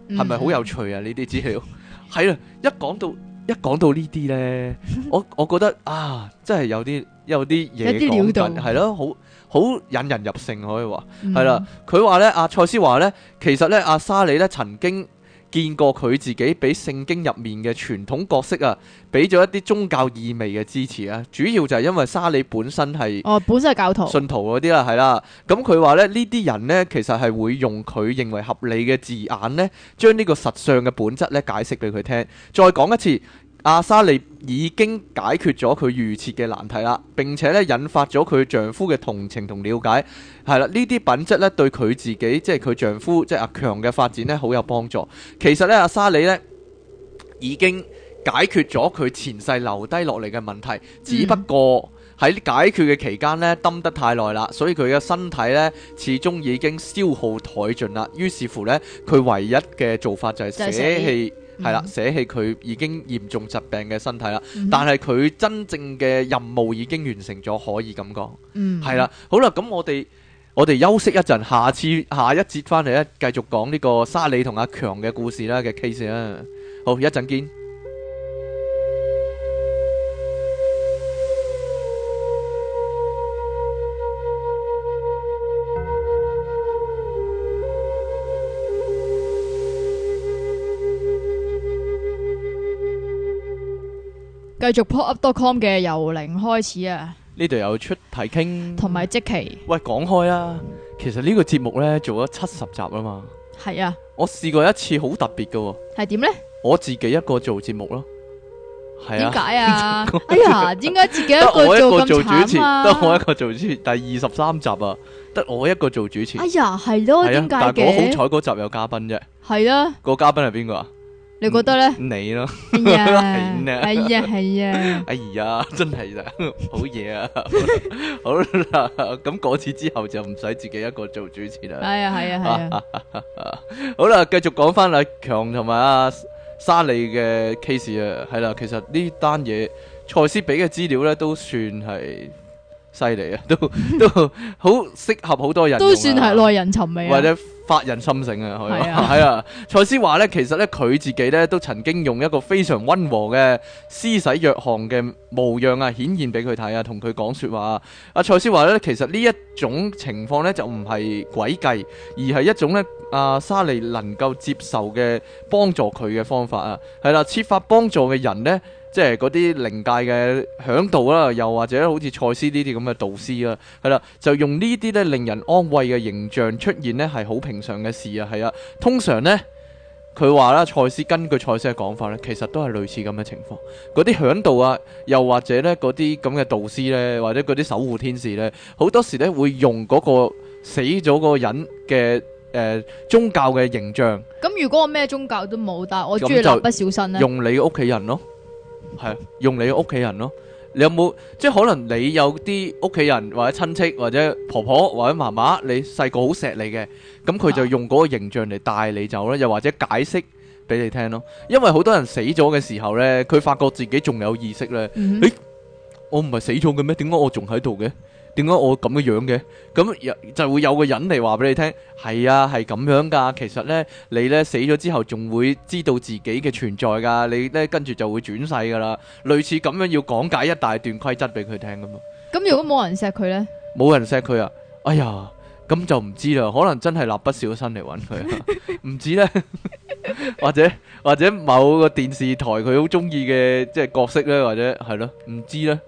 係咪好有趣啊？呢啲資料係啦， 一講到一講到呢啲咧， 我我覺得啊，真係有啲有啲嘢料到，係咯，好。好引人入勝可以話，係啦。佢話咧，阿、啊、賽斯話咧，其實咧，阿、啊、沙里咧曾經見過佢自己俾聖經入面嘅傳統角色啊，俾咗一啲宗教意味嘅支持啊。主要就係因為沙里本身係哦本身係教徒、信徒嗰啲啦，係啦。咁佢話咧，呢啲人咧，其實係會用佢認為合理嘅字眼咧，將呢個實相嘅本質咧解釋俾佢聽。再講一次。阿沙莉已經解決咗佢預設嘅難題啦，並且咧引發咗佢丈夫嘅同情同了解，係啦，呢啲品質咧對佢自己，即係佢丈夫，即係阿強嘅發展咧好有幫助。其實咧阿沙莉咧已經解決咗佢前世留低落嚟嘅問題，只不過喺解決嘅期間呢，蹲得太耐啦，所以佢嘅身體咧始終已經消耗殆盡啦。於是乎呢，佢唯一嘅做法就係捨棄、嗯。係啦，捨棄佢已經嚴重疾病嘅身體啦，嗯、但係佢真正嘅任務已經完成咗，可以咁講。嗯，係啦，好啦，咁我哋我哋休息一陣，下次下一節翻嚟咧，繼續講呢個沙莉同阿強嘅故事啦嘅 case 啦。好，一陣見。繼續 pop up dot com 嘅由零開始啊！呢度有出題傾，同埋即期。喂，講開啊，其實個節呢個節目咧做咗七十集啊嘛。係啊，我試過一次好特別噶、哦。係點咧？我自己一個做節目咯。係啊？點解啊？ 哎呀，點解自己一個做咁慘啊？得我，我一個做主持，第二十三集啊，得我一個做主持。哎呀，係咯，點解？但係我好彩嗰集有嘉賓啫。係啊。個嘉賓係邊個啊？你覺得咧？你咯，係啊，係啊，係呀，哎呀，真係啦，好嘢啊，好啦，咁嗰次之後就唔使自己一個做主持啦。係啊，係啊，係啊，好啦，繼續講翻阿強同埋阿莎莉嘅 case 啊，係啦，其實呢單嘢賽斯俾嘅資料咧都算係犀利啊，都都好適合好多人，都算係耐人尋 味啊。 發人心醒啊，係啊，賽斯話咧，其實咧佢自己咧都曾經用一個非常溫和嘅施洗約翰嘅模樣啊，顯現俾佢睇啊，同佢講說話啊。阿賽斯話咧，其實呢一種情況咧就唔係詭計，而係一種咧阿沙利能夠接受嘅幫助佢嘅方法啊。係啦，設法幫助嘅人咧。即係嗰啲靈界嘅響導啦，又或者好似賽斯呢啲咁嘅導師啦，係啦，就用呢啲咧令人安慰嘅形象出現，呢係好平常嘅事啊，係啊，通常呢，佢話啦，賽斯根據賽斯嘅講法呢，其實都係類似咁嘅情況，嗰啲響導啊，又或者呢，嗰啲咁嘅導師呢，或者嗰啲守護天使呢，好多時呢會用嗰個死咗個人嘅誒、呃、宗教嘅形象。咁如果我咩宗教都冇，但我中意立不小信咧，用你屋企人咯。係用你屋企人咯，你有冇，即係可能你有啲屋企人或者親戚或者婆婆或者媽媽，你細個好錫你嘅，咁佢就用嗰個形象嚟帶你走咧，又或者解釋俾你聽咯。因為好多人死咗嘅時候呢，佢發覺自己仲有意識呢，嗯哼，咦。誒，我唔係死咗嘅咩？點解我仲喺度嘅？點解我咁嘅樣嘅？咁就會有個人嚟話俾你聽，係啊，係咁樣噶。其實呢，你呢死咗之後，仲會知道自己嘅存在噶。你呢跟住就會轉世噶啦。類似咁樣要講解一大段規則俾佢聽咁咯。咁如果冇人錫佢呢？冇人錫佢啊！哎呀，咁就唔知啦。可能真係蠟筆小新嚟揾佢，唔 知呢？ 或者或者某個電視台佢好中意嘅即係角色呢？或者係咯，唔、啊、知呢。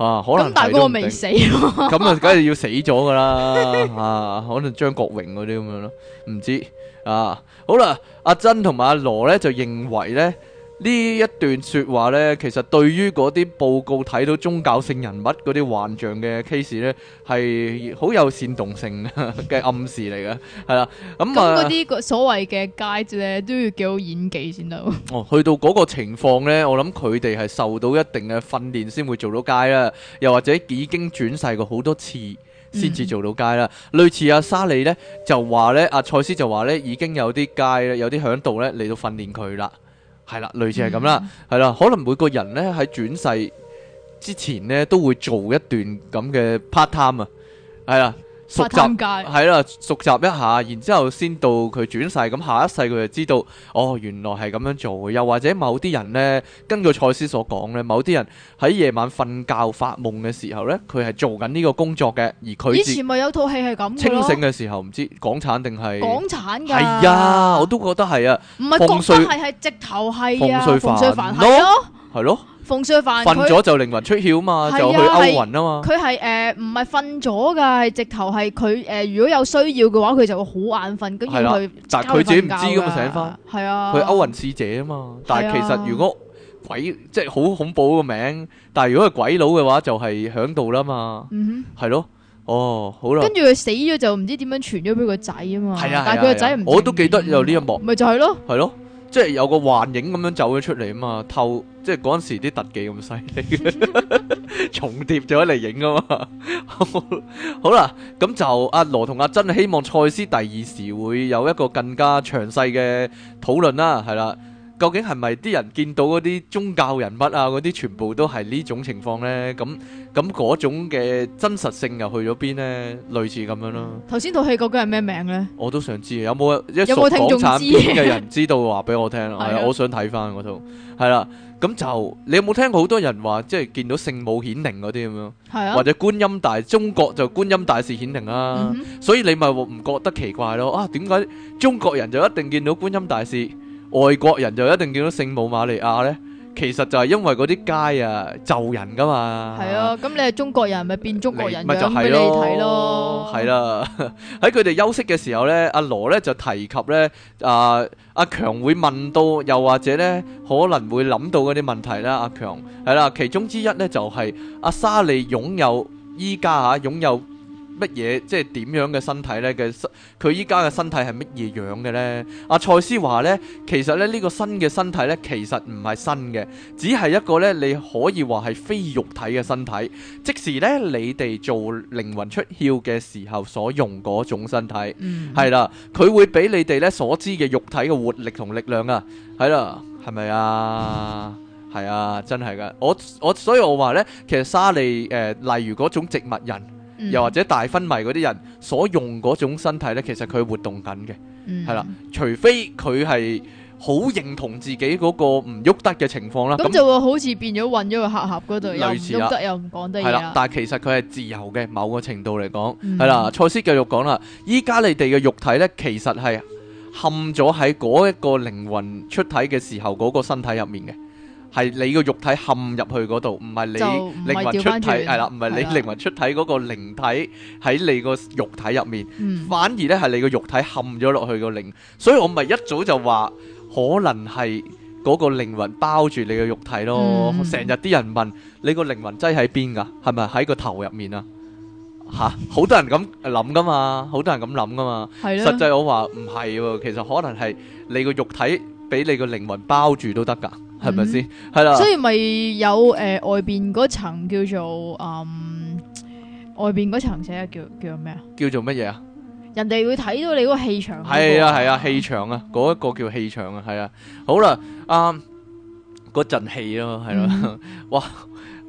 啊，可能大哥未死，咁啊，梗係要死咗噶啦， 啊，可能張國榮嗰啲咁樣咯，唔知，啊，好啦，阿珍同埋阿羅咧就認為咧。呢一段説話呢，其實對於嗰啲報告睇到宗教性人物嗰啲幻象嘅 case 呢，係好有煽動性嘅暗示嚟嘅，係啦。 咁嗰啲所謂嘅 guide 都要幾好演技先得。哦，去到嗰個情況呢，我諗佢哋係受到一定嘅訓練先會做到 guide 啦，又或者已經轉世過好多次先至做到 guide 啦。嗯、類似阿沙利呢，就話呢，阿賽斯就話呢，已經有啲 guide 有啲響度呢，嚟到訓練佢啦。係啦，類似係咁啦，係啦、嗯，可能每個人呢，喺轉世之前呢，都會做一段咁嘅 part time 啊，係啦。熟習，係啦，熟習一下，然之後先到佢轉世，咁下一世佢就知道，哦，原來係咁樣做。又或者某啲人呢，根據賽斯所講咧，某啲人喺夜晚瞓覺發夢嘅時候呢，佢係做緊呢個工作嘅，而佢以前咪有套戲係咁，清醒嘅時候唔知港產定係港產嘅？係呀，我都覺得係啊，唔係覺得係係直頭係啊，睡瑞馮瑞凡係咯，係咯。No? 瞓咗就靈魂出竅嘛，就去勾魂啊嘛。佢係誒，唔係瞓咗噶，係直頭係佢誒，如果有需要嘅話，佢就會好眼瞓，跟住佢但係佢自己唔知咁醒翻。係啊，佢勾魂使者啊嘛。但係其實如果鬼即係好恐怖個名，但係如果係鬼佬嘅話，就係響度啦嘛。嗯哼，係咯，哦，好啦。跟住佢死咗就唔知點樣傳咗俾個仔啊嘛。係啊，但係佢個仔唔。我都記得有呢一幕。咪就係咯。係咯。即係有個幻影咁樣走咗出嚟啊嘛，透即係嗰陣時啲特技咁犀利，重疊咗嚟影啊嘛 好，好啦，咁就阿羅同阿珍，希望賽斯第二時會有一個更加詳細嘅討論啦，係啦。究竟係咪啲人見到嗰啲宗教人物啊，嗰啲全部都係呢種情況咧？咁咁嗰種嘅真實性又去咗邊咧？類似咁樣咯。頭先套戲究竟係咩名咧？我都想知，有冇一，有冇聽啲港產片嘅人知道話俾我聽？我想睇翻嗰套。係啦，咁就你有冇聽過好多人話，即係見到聖母顯靈嗰啲咁樣，或者觀音大，中國就觀音大士顯靈啦。所以你咪唔覺得奇怪咯？啊，點解中國人就一定見到觀音大士？外國人就一定見到聖母瑪利亞咧，其實就係因為嗰啲街啊，就人噶嘛。係啊，咁你係中國人，咪變中國人樣俾你睇咯。係啦，喺佢哋休息嘅時候咧，阿羅咧就提及咧，阿阿強會問到，又或者咧可能會諗到嗰啲問題啦，阿強係啦，其中之一咧就係阿沙利擁有依家吓擁有。乜嘢即係點樣嘅身體呢？嘅身佢依家嘅身體係乜嘢樣嘅呢？阿賽斯話呢，其實咧呢個新嘅身體呢，其實唔係新嘅，只係一個咧你可以話係非肉體嘅身體，即時呢，你哋做靈魂出竅嘅時候所用嗰種身體，嗯，係啦，佢會俾你哋咧所知嘅肉體嘅活力同力量啊，係啦，係咪啊？係啊， 真係噶，我我所以我話呢，其實沙利誒、呃，例如嗰種植物人，又或者大昏迷嗰啲人所用嗰種身體呢，其實佢活動緊嘅，係啦，嗯，除非佢係好認同自己嗰個唔喐得嘅情況啦。咁，嗯、樣就會好變了了合合似變咗混咗個客盒嗰度，唔喐得又唔講得。但係其實佢係自由嘅某個程度嚟講，係啦，嗯。賽斯繼續講啦，依家你哋嘅肉體呢，其實係冚咗喺嗰一個靈魂出體嘅時候嗰個身體入面嘅。係你個肉體陷入去嗰度，唔係你靈魂出體係啦，唔係你靈魂出體嗰個靈體喺你個肉體入面，反而咧係你個肉體陷咗落去個靈，所以我咪一早就話可能係嗰個靈魂包住你個肉體咯。成日啲人問你個靈魂擠喺邊噶，係咪喺個頭入面啊？吓，好多人咁諗噶嘛，好多人咁諗噶嘛。實際我話唔係喎，其實可能係你個肉體俾你個靈魂包住都得噶。係咪先？係啦，嗯、了所以咪有誒、呃、外邊嗰層叫做誒、呃，外邊嗰層即係叫叫咩啊？叫做乜嘢、那個、啊？人哋會睇到你嗰個氣場。係啊係啊，氣、啊、場啊，嗰、嗯、一個叫氣場啊，係啊。好啦，誒、呃，嗰陣氣咯，係咯、啊，嗯、哇！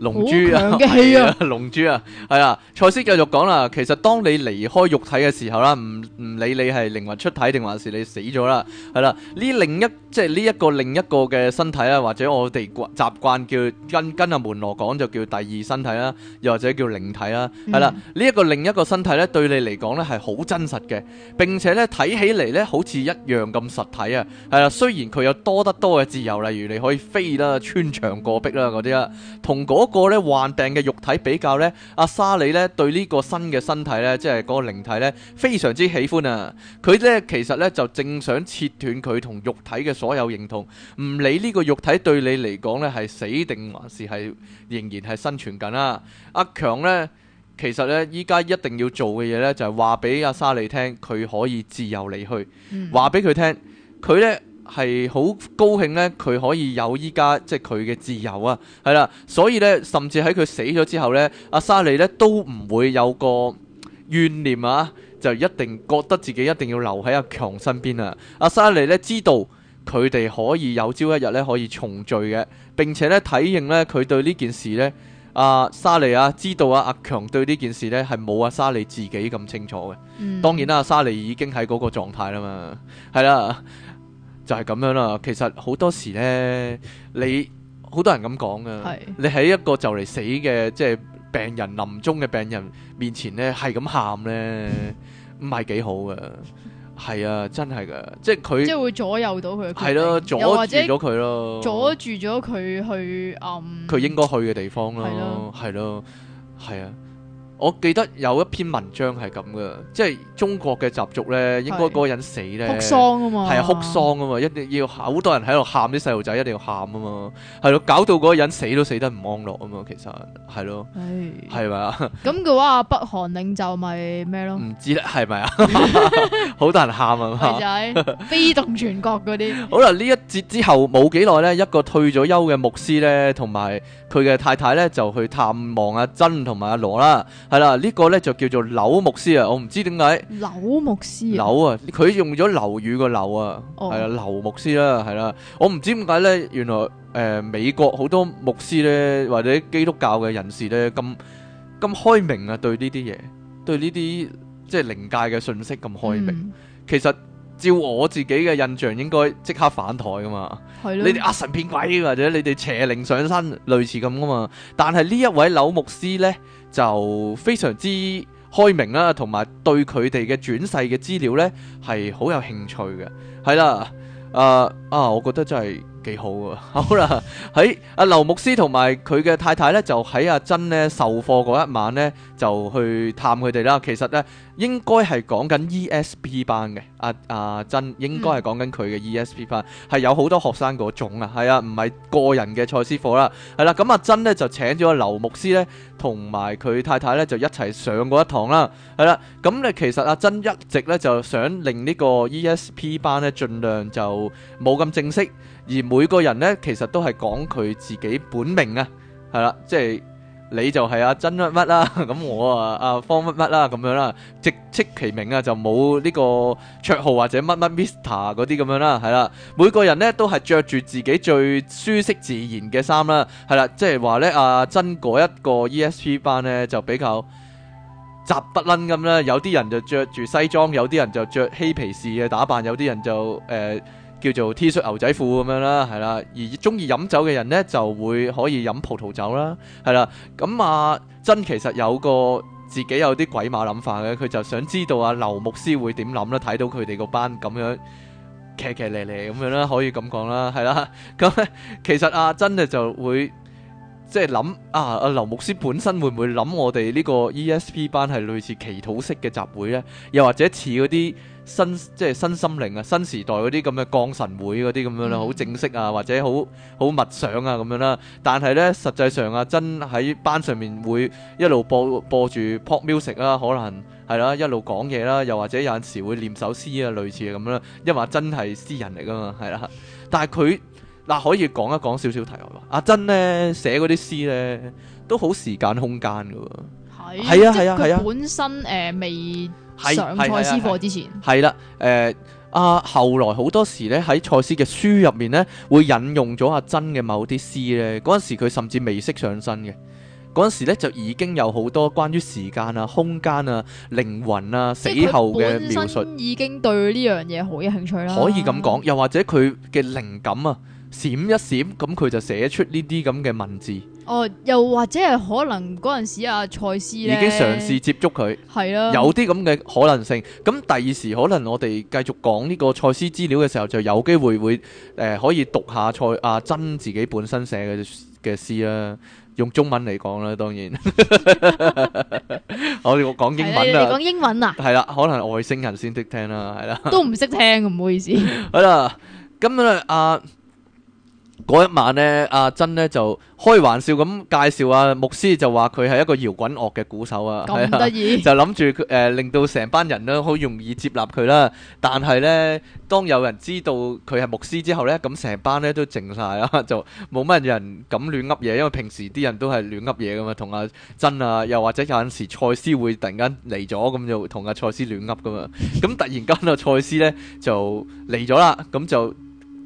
龍珠啊， 龍珠啊，係啦！賽斯繼續講啦，其實當你離開肉體嘅時候啦，唔唔理你係靈魂出體定還是你死咗啦，係啦，呢另一即係呢一個另一個嘅身體啦，或者我哋慣習慣叫跟跟阿門羅講就叫第二身體啦，又或者叫靈體啦，係啦，呢一、嗯、個另一個身體咧，對你嚟講咧係好真實嘅，並且咧睇起嚟咧好似一樣咁實體啊，係啦，雖然佢有多得多嘅自由，例如你可以飛啦、穿牆過壁啦嗰啲啦，同、嗰個個咧患病嘅肉體比較咧，阿沙里咧對呢個新嘅身體咧，即係嗰個靈體咧，非常之喜歡啊！佢咧其實咧就正想切斷佢同肉體嘅所有認同，唔理呢個肉體對你嚟講咧係死定還是係仍然係生存緊啊啦。阿強咧其實咧依家一定要做嘅嘢咧就係話俾阿沙里聽，佢可以自由離去，話俾佢聽，佢咧。係好高興咧，佢可以有依家即係佢嘅自由啊，係啦，所以咧，甚至喺佢死咗之後咧，阿沙莉咧都唔會有個怨念，啊，就一定覺得自己一定要留喺阿強身邊啊。阿沙莉咧知道佢哋可以有朝一日咧可以重聚嘅，並且咧體認咧佢對呢件事咧，啊沙利啊、阿，事呢，阿沙莉啊知道啊阿強對呢件事咧係冇阿沙莉自己咁清楚嘅。嗯哼，當然啦、啊，阿沙莉已經喺嗰個狀態啦嘛，係啦。就係咁樣啦。其實好多時咧，你好多人咁講㗎。的你喺一個就嚟死嘅即係病人臨終嘅病人面前咧，係咁喊咧，唔係幾好嘅。係啊，真係噶，即係佢即係會左右到佢，係咯，阻住咗佢咯，阻住咗佢去。佢、嗯、應該去嘅地方咯，係咯的，係啊。我記得有一篇文章係咁嘅，即係中國嘅習俗咧，應該嗰個人死咧，是哭喪啊嘛，係哭喪啊嘛，一定要好多人喺度喊，啲細路仔一定要喊啊嘛，係咯，搞到嗰個人死都死得唔安樂啊嘛，其實係咯，係咪啊？咁嘅是吧話，北韓領袖咪咩咯？唔知咧係咪啊？好多人喊啊嘛，係仔，飛 動全國嗰啲。好啦，呢一節之後冇幾耐咧，一個退咗休嘅牧師咧，同埋佢嘅太太咧，就去探望阿珍同埋阿羅啦。係啦，呢、這個咧就叫做柳牧師啊！我唔知點解柳牧師柳柳啊，佢用咗流語個柳」啊，係啊、哦，柳牧師啦，係啦，我唔知點解咧，原來誒、呃、美國好多牧師咧，或者基督教嘅人士咧，咁咁開明啊，對呢啲嘢，對呢啲即係靈界嘅訊息咁開明。嗯、其實照我自己嘅印象，應該即刻反台噶嘛，係咯的。你哋阿、啊、神騙鬼，或者你哋邪靈上身，類似咁噶嘛。但係呢一位柳，柳牧師咧。就非常之開明啦，同埋對佢哋嘅轉世嘅資料咧，係好有興趣嘅。係啦，誒、呃、啊，我覺得真係。幾好噶、啊， 好啦，喺阿劉牧師同埋佢嘅太太咧，就喺阿珍咧授課嗰一晚咧，就去探佢哋啦。其實咧，應該係講緊 E S P 班嘅，阿、啊、阿、啊、真應該係講緊佢嘅 E S P 班，係有好多學生嗰種啊，係啊，唔係個人嘅賽斯課啦，係啦、啊。咁、嗯、阿、啊、珍咧就請咗阿劉牧師咧，同埋佢太太咧就一齊上過一堂啦，係啦、啊。咁、嗯、咧其實阿、啊、珍一直咧就想令呢個 E S P 班咧盡量就冇咁正式。而每個人呢，其實都係講佢自己本名啊，係啦，即係你就係阿珍乜乜啦，咁我啊阿、啊、方乜乜啦，咁樣啦、啊，直稱其名啊，就冇呢個綽號或者乜乜 Mister 嗰啲咁樣啦、啊，係啦，每個人呢，都係着住自己最舒適自然嘅衫啦，係啦，即係話呢，阿珍嗰一個 ESP 班呢，就比較雜不倫咁啦，有啲人就着住西裝，有啲人就着嬉皮士嘅打扮，有啲人就誒。呃叫做 T 恤牛仔褲咁樣啦，係啦。而中意飲酒嘅人呢，就會可以飲葡萄酒啦，係啦。咁、嗯、啊，阿珍其實有個自己有啲鬼馬諗法嘅，佢就想知道啊，劉牧師會點諗啦，睇到佢哋個班咁樣騎騎嚟嚟咁樣啦，可以咁講啦，係啦。咁、嗯、咧、嗯，其實阿珍呢就會即係諗啊，啊劉牧師本身會唔會諗我哋呢個 ESP 班係類似祈禱式嘅集會呢？又或者似嗰啲？新即係新心靈啊，新時代嗰啲咁嘅降神會嗰啲咁樣啦，好、嗯、正式啊，或者好好默想啊咁樣啦。但係咧，實際上阿珍喺班上面會一路播播住 pop music 啦、啊，可能係啦、啊，一路講嘢啦，又或者有陣時會念首詩啊，類似樣啊咁啦。因為阿珍係詩人嚟噶嘛，係啦、啊。但係佢嗱可以講一講少少題外話。阿珍咧寫嗰啲詩咧都好時間空間噶，係啊，係啊，係啊，本身誒未。 喺賽斯課之前，係啦，誒啊！後來好多時咧喺賽斯嘅書入面咧，會引用咗阿珍嘅某啲詩咧。嗰陣時佢甚至未識上身嘅，嗰陣時咧就已經有好多關於時間啊、空間啊、靈魂啊、死後嘅描述。已經對呢樣嘢好有興趣啦。可以咁講，又或者佢嘅靈感啊。閃一閃，咁佢就寫出呢啲咁嘅文字。哦，又或者係可能嗰陣時阿、啊、賽斯咧，已經嘗試接觸佢，係啦、啊，有啲咁嘅可能性。咁第二時可能我哋繼續講呢個賽斯資料嘅時候，就有機會會誒、呃、可以讀下賽阿珍、啊、自己本身寫嘅嘅詩啦，用中文嚟講啦，當然，我哋講英、啊、英文啊，講英文啊，係啦，可能外星人先識聽啦，係啦、啊，都唔識聽唔好意思。好啦，咁咧嗰一晚咧，阿珍咧就開玩笑咁介紹阿、啊、牧師，就話佢係一個搖滾樂嘅鼓手啊，咁得、啊、就諗住誒令到成班人咧好容易接納佢啦。但係咧，當有人知道佢係牧師之後咧，咁成班咧都靜晒啦，就冇乜人敢亂噏嘢，因為平時啲人都係亂噏嘢噶嘛。同阿珍啊，又或者有陣時賽斯會突然間嚟咗，咁就同阿賽斯亂噏噶嘛。咁 突然間阿賽斯咧就嚟咗啦，咁就。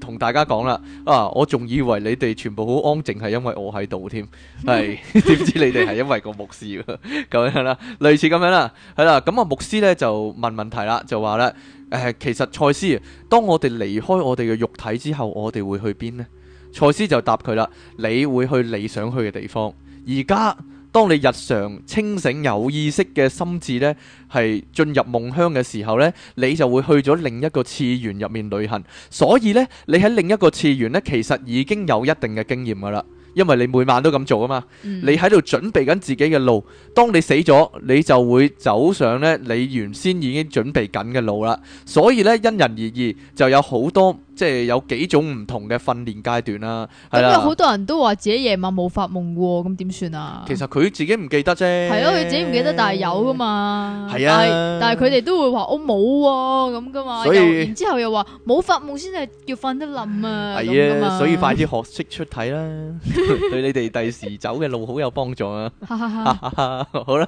同大家講啦，啊，我仲以為你哋全部好安靜係因為我喺度添，係點 知你哋係因為個牧師咁樣啦，類似咁樣啦，係啦，咁啊牧師呢就問問題啦，就話啦，誒、呃，其實賽斯，當我哋離開我哋嘅肉體之後，我哋會去邊呢？賽斯就答佢啦，你會去你想去嘅地方，而家。當你日常清醒有意識嘅心智呢，係進入夢鄉嘅時候呢，你就會去咗另一個次元入面旅行。所以呢，你喺另一個次元呢，其實已經有一定嘅經驗㗎喇，因為你每晚都咁做啊嘛。你喺度準備緊自己嘅路。當你死咗，你就會走上呢你原先已經準備緊嘅路啦。所以呢，因人而異，就有好多。即係有幾種唔同嘅訓練階段啦、啊，係啦、嗯。有好、啊、多人都話自己夜晚冇發夢喎，咁點算啊？啊其實佢自己唔記得啫、啊。係咯，佢自己唔記得，但係有噶嘛。係啊，但係佢哋都會話我冇喎咁噶嘛。以然之後又話冇發夢先係叫瞓得冧啊。係啊、哎呀，所以快啲學識出體啦， 對你哋第時走嘅路好有幫助啊。 好啦，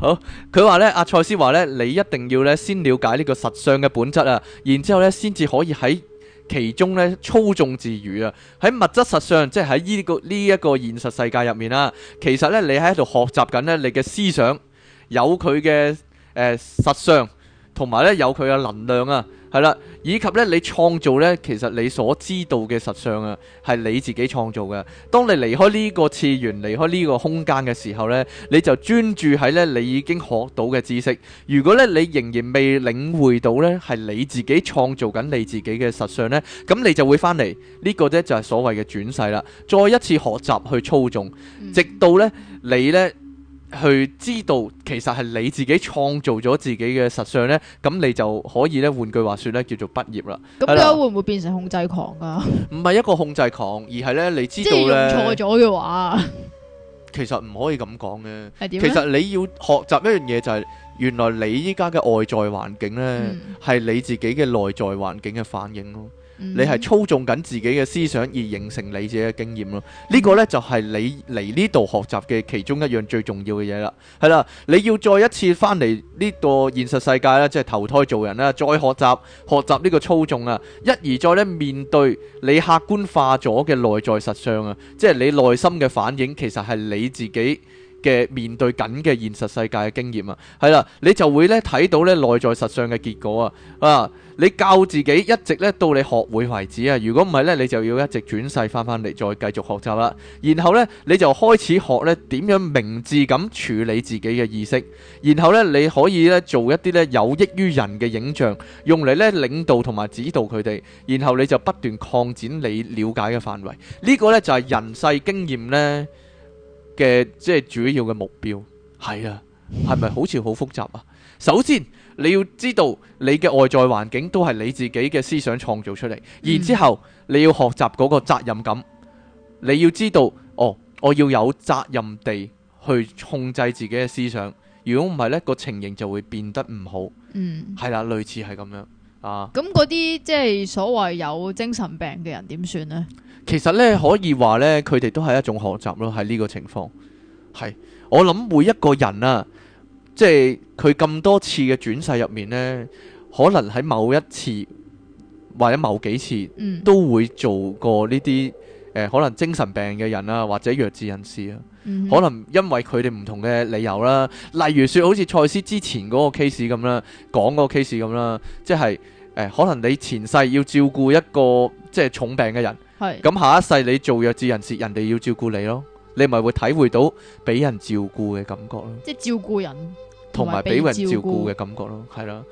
好。佢話咧，阿賽斯話咧，你一定要咧先了解呢個實相嘅本質啊，然之後咧先至可以喺。其中咧操縱自如啊！喺物質實相，即係喺呢個呢一、這個現實世界入面啦、啊，其實咧你喺度學習緊咧，你嘅思想有佢嘅誒實相，同埋咧有佢嘅能量啊！係啦，以及咧，你創造咧，其實你所知道嘅實相啊，係你自己創造嘅。當你離開呢個次元、離開呢個空間嘅時候咧，你就專注喺咧你已經學到嘅知識。如果咧你仍然未領會到咧，係你自己創造緊你自己嘅實相咧，咁你就會翻嚟。呢個咧就係所謂嘅轉世啦，再一次學習去操縱，直到咧你咧，去知道，其實係你自己創造咗自己嘅實相呢，咁你就可以咧，換句話說呢，叫做畢業啦。咁你會唔會變成控制狂啊？唔 係一個控制狂，而係呢，你知道咧，即用錯咗嘅話， 其實唔可以咁講嘅。係點？其實你要學習一樣嘢就係、是，原來你依家嘅外在環境呢，係、嗯、你自己嘅內在環境嘅反應咯。你係操縱緊自己嘅思想，而形成你自己嘅經驗咯，呢個呢，就係你嚟呢度學習嘅其中一樣最重要嘅嘢啦。係啦，你要再一次翻嚟呢個現實世界啦，即係投胎做人啦，再學習學習呢個操縱啊，一而再咧面對你客觀化咗嘅內在實相啊，即係你內心嘅反應，其實係你自己。嘅面對緊嘅現實世界嘅經驗啊，係啦，你就會咧睇到咧內在實相嘅結果啊！啊，你教自己一直咧到你學會為止啊！如果唔係咧，你就要一直轉世返返嚟再繼續學習啦。然後咧你就開始學咧點樣明智咁處理自己嘅意識，然後咧你可以咧做一啲咧有益於人嘅影像，用嚟咧領導同埋指導佢哋。然後你就不斷擴展你了解嘅範圍。這個、呢個咧就係、是、人世經驗咧。嘅即係主要嘅目標係啊，係咪好似好複雜啊？首先你要知道你嘅外在環境都係你自己嘅思想創造出嚟，然之後你要學習嗰個責任感，你要知道哦，我要有責任地去控制自己嘅思想。如果唔係呢個情形就會變得唔好。嗯，係啦，類似係咁樣啊。咁嗰啲即係所謂有精神病嘅人點算呢？其實咧，可以話咧，佢哋都係一種學習咯。喺呢個情況，係我諗每一個人啊，即係佢咁多次嘅轉世入面呢，可能喺某一次或者某幾次都會做過呢啲誒，可能精神病嘅人啊，或者弱智人士啊，嗯、哼可能因為佢哋唔同嘅理由啦，例如說好似賽斯之前嗰個 case 咁啦，講嗰個 case 咁啦，即係誒、呃，可能你前世要照顧一個即係重病嘅人。係咁是下一世你做弱智人士，人哋要照顧你咯，你咪會體會到俾人照顧嘅感覺咯。即係照顧人，同埋俾人照顧嘅感覺咯，係啦。